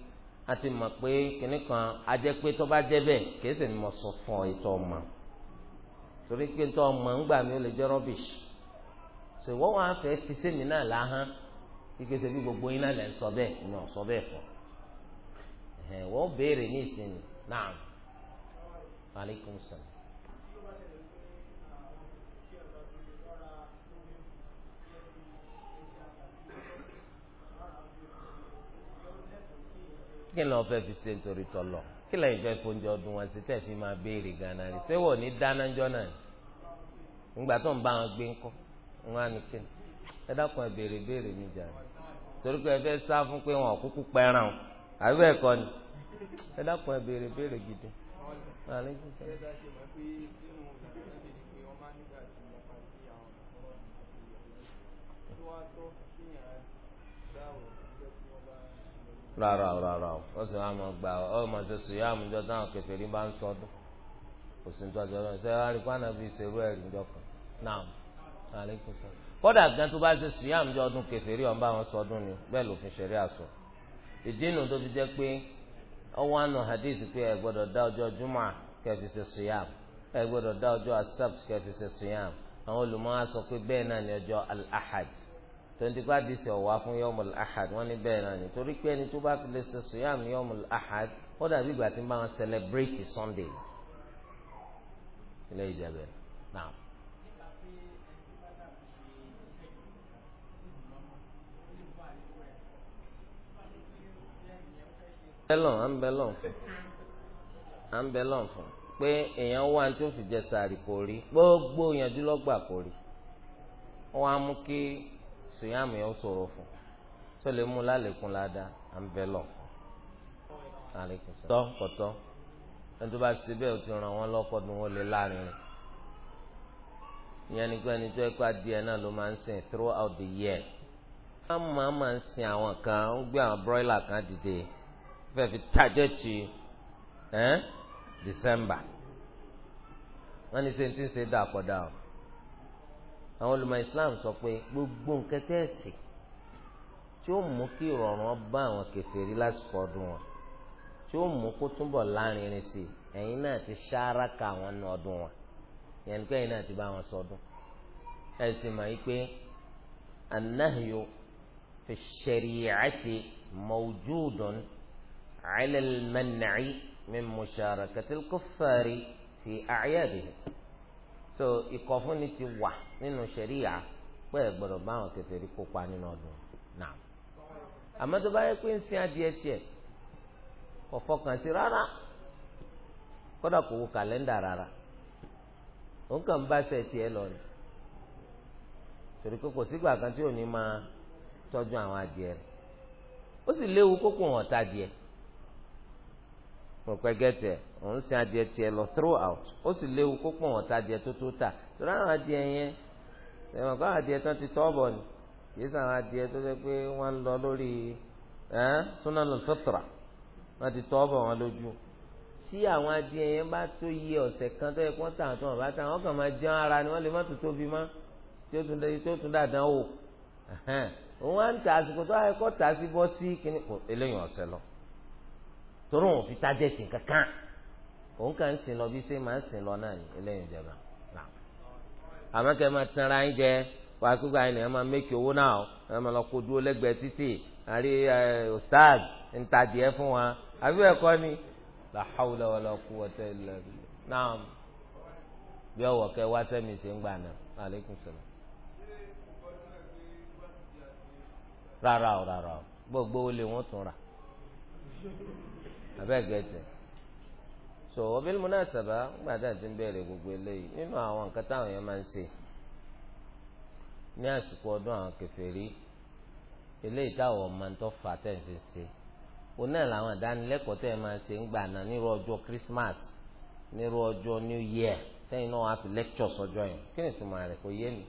a ti mọ̀ pé kìnnì kan a jẹ́ pé tó bá jẹ́ ni mo sọ fún ọ ètò ọmọ torí pé tó ọmọ ń gbà mí ó lè jẹ́ rubbish so wọ́n wá fẹ́ fi sẹ́mi náà láhán kíkẹ́ sẹ́bi gbogbo yín náà lẹ́ ń sọ bẹ́ẹ̀ ni ọ̀ sọ bẹ́ẹ̀ ẹ̀ wọ́n kí lọ́ọ́ fẹ́ fi ṣe nítorí tọ́lọ̀ kí lẹ́yìn fẹ́ fóúnjẹ ọdún wọn sí tẹ́ máa béèrè gánà rí ṣé ní náà ni ńgbà tó ń bá wọn gbé ńkọ́ wọn á ní kí ni ẹ dákun ẹ béèrè béèrè mi jà torí pé ẹ fẹ́ sá fún pé wọn kúkú pẹ́ràn o àbí bẹ́ẹ̀ ni ẹ gidi. rárá o rárá o wọ́n sì máa gbà ọ́ ọ́ máa ṣe sùúyà àmújọ táwọn kèfèrí bá ń sọdún kò sí nítorí ọlọ́run ṣe wá rí pàánà bíi ṣerú ẹ̀rí ńjọ kan náà àlékún sọ. kódà gan tó bá ṣe sùúyà àmújọ ọdún kèfèrí ọ̀n bá wọn sọdún ni bẹ́ẹ̀ lòfin ṣẹ̀rí àṣọ. ìdí inú tó fi jẹ́ pé ọwọ́ àna hadith pé ẹ gbọ́dọ̀ dá ọjọ́ jumá kẹfì ṣe sùúyà ẹ gbọ́dọ̀ tontigba disi ọwa fún yọmul ahad wọn ní bẹ́ẹ̀ náà ni torí pé ẹni tó bá lè ṣe suyam yọmul ahad ó dàbí ìgbà tí ń bá wọn celebrate sunday ilé ìjẹbẹ náà. bẹ́lọ̀n à ń bẹ́lọ̀n fún à ń fún pé èèyàn wá tí fi jẹ sàárì kò rí gbogbo ìyànjú lọ́gbà kò rí wọ́n á mú kí sùyàmù yẹn ó ṣòro fún tó lè mú lálẹ́kùn ládàá à ń bẹ lọ. tọ́ kọ̀tọ́ ẹni tó bá ṣe bẹ́ẹ̀ ó ti ràn wọ́n lọ́kọ́ bí wọ́n lè láàrin rẹ̀ ìyẹn ni pé ẹni tó ẹ̀kọ́ adìẹ náà ló máa ń sìn throughout the year. wọ́n máa máa ń sin àwọn kan ń gbé àwọn broiler kan dìde fẹ́ẹ́ fi tájẹ́tì ẹ́ December wọ́n ní sẹ́ńtì ń ṣe dà pọ̀ dà o àwọn olùmọ̀ islam sọ pé gbogbo nǹkan tẹ́ẹ̀sì tí ó mú kí ìrọ̀rùn bá àwọn kèfèrí lásìkò ọdún wọn tí ó mú kó túbọ̀ lárinrin sí ẹ̀yin náà ti ṣáraka àwọn ní ọdún wọn yẹn pé ẹ̀yin náà ti bá wọn sọdún ẹ sì mọ̀ yí pé annahyu fi shari'ati mawjudun 'ala al-man'i min musharakati fi a'yadihim so ìkọ̀fúnni ti wà. nínú ṣẹ̀ríyà pé gbọdọ bá àwọn kèfèrí kópa nínú ọdún náà àmọ́ tó bá yẹ pé ń sin adìẹ tiẹ̀ kò fọkàn sí rárá kódà kò wo kàlẹ́ndà rárá òun ń bá lọ ni torí pé kò sígbà kan tí ò ní máa tọ́jú àwọn adìẹ ó sì léwu kókò lọ ó sì léwu kókò adìẹ tó tó torí àwọn ẹ̀wọ̀n kọ́ adìẹ tán ti tọ́ bọ̀ ni kì í sàn àwọn adìẹ tó jẹ́ pé wọ́n ń lọ lórí sunanul fitra wọ́n ti tọ́ bọ̀ wọn lójú tí àwọn adìẹ yẹn bá tó yẹ ọ̀sẹ̀ kan tó yẹ kó tàn tó wọn bá tàn wọn kàn máa jẹun ara ni wọ́n lè má tó tóbi mọ́ tí ó tún dé tí ó tún dàdán wò òun á ń ta àsìkò tó ayẹkọ́ tà sí bọ́ sí kíní kò eléyìí ọ̀sẹ̀ lọ torí òun fi tájẹ̀tì kankan òun kàn ń sìn lọ àmọ́ kẹ́ máa tẹnra yín jẹ wàá kúgbà yín ni ẹ máa mékì owó náà ẹ máa lọ kó dúró lẹ́gbẹ̀ẹ́ títì àrí ọ̀stáàd ń ta adìẹ fún wa àbí bẹ́ẹ̀ kọ́ ni la hawla wala quwwata illa billah naam bí ọwọ́ kẹ wá sẹ́mi ṣe ń gbà náà aleykum salaam. rárá o rárá o gbogbo olè wọn tún rà abẹ́ẹ̀gẹ́tì so bil munasaba gbàdá ti ń bẹ̀rẹ̀ gbogbo eléyìí nínú àwọn nǹkan táwọn yẹn máa ń ṣe ní àsìkò ọdún àwọn kèfèrí eléyìí táwọn ọmọ ń tọ́ fà tẹ̀ ń fi ṣe òun náà làwọn ìdánilẹ́kọ̀ọ́ tẹ̀ máa ń ṣe ń gbà náà nírú ọjọ́ Christmas nírú ọjọ́ New Year sẹ́yìn náà wàá fi lectures ọjọ́ yẹn kí ni ìtumọ̀ rẹ̀ kò yé mi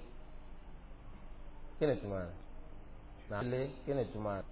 kí ni ìtumọ̀ rẹ̀ nàá lé kí ni ìtumọ̀ rẹ̀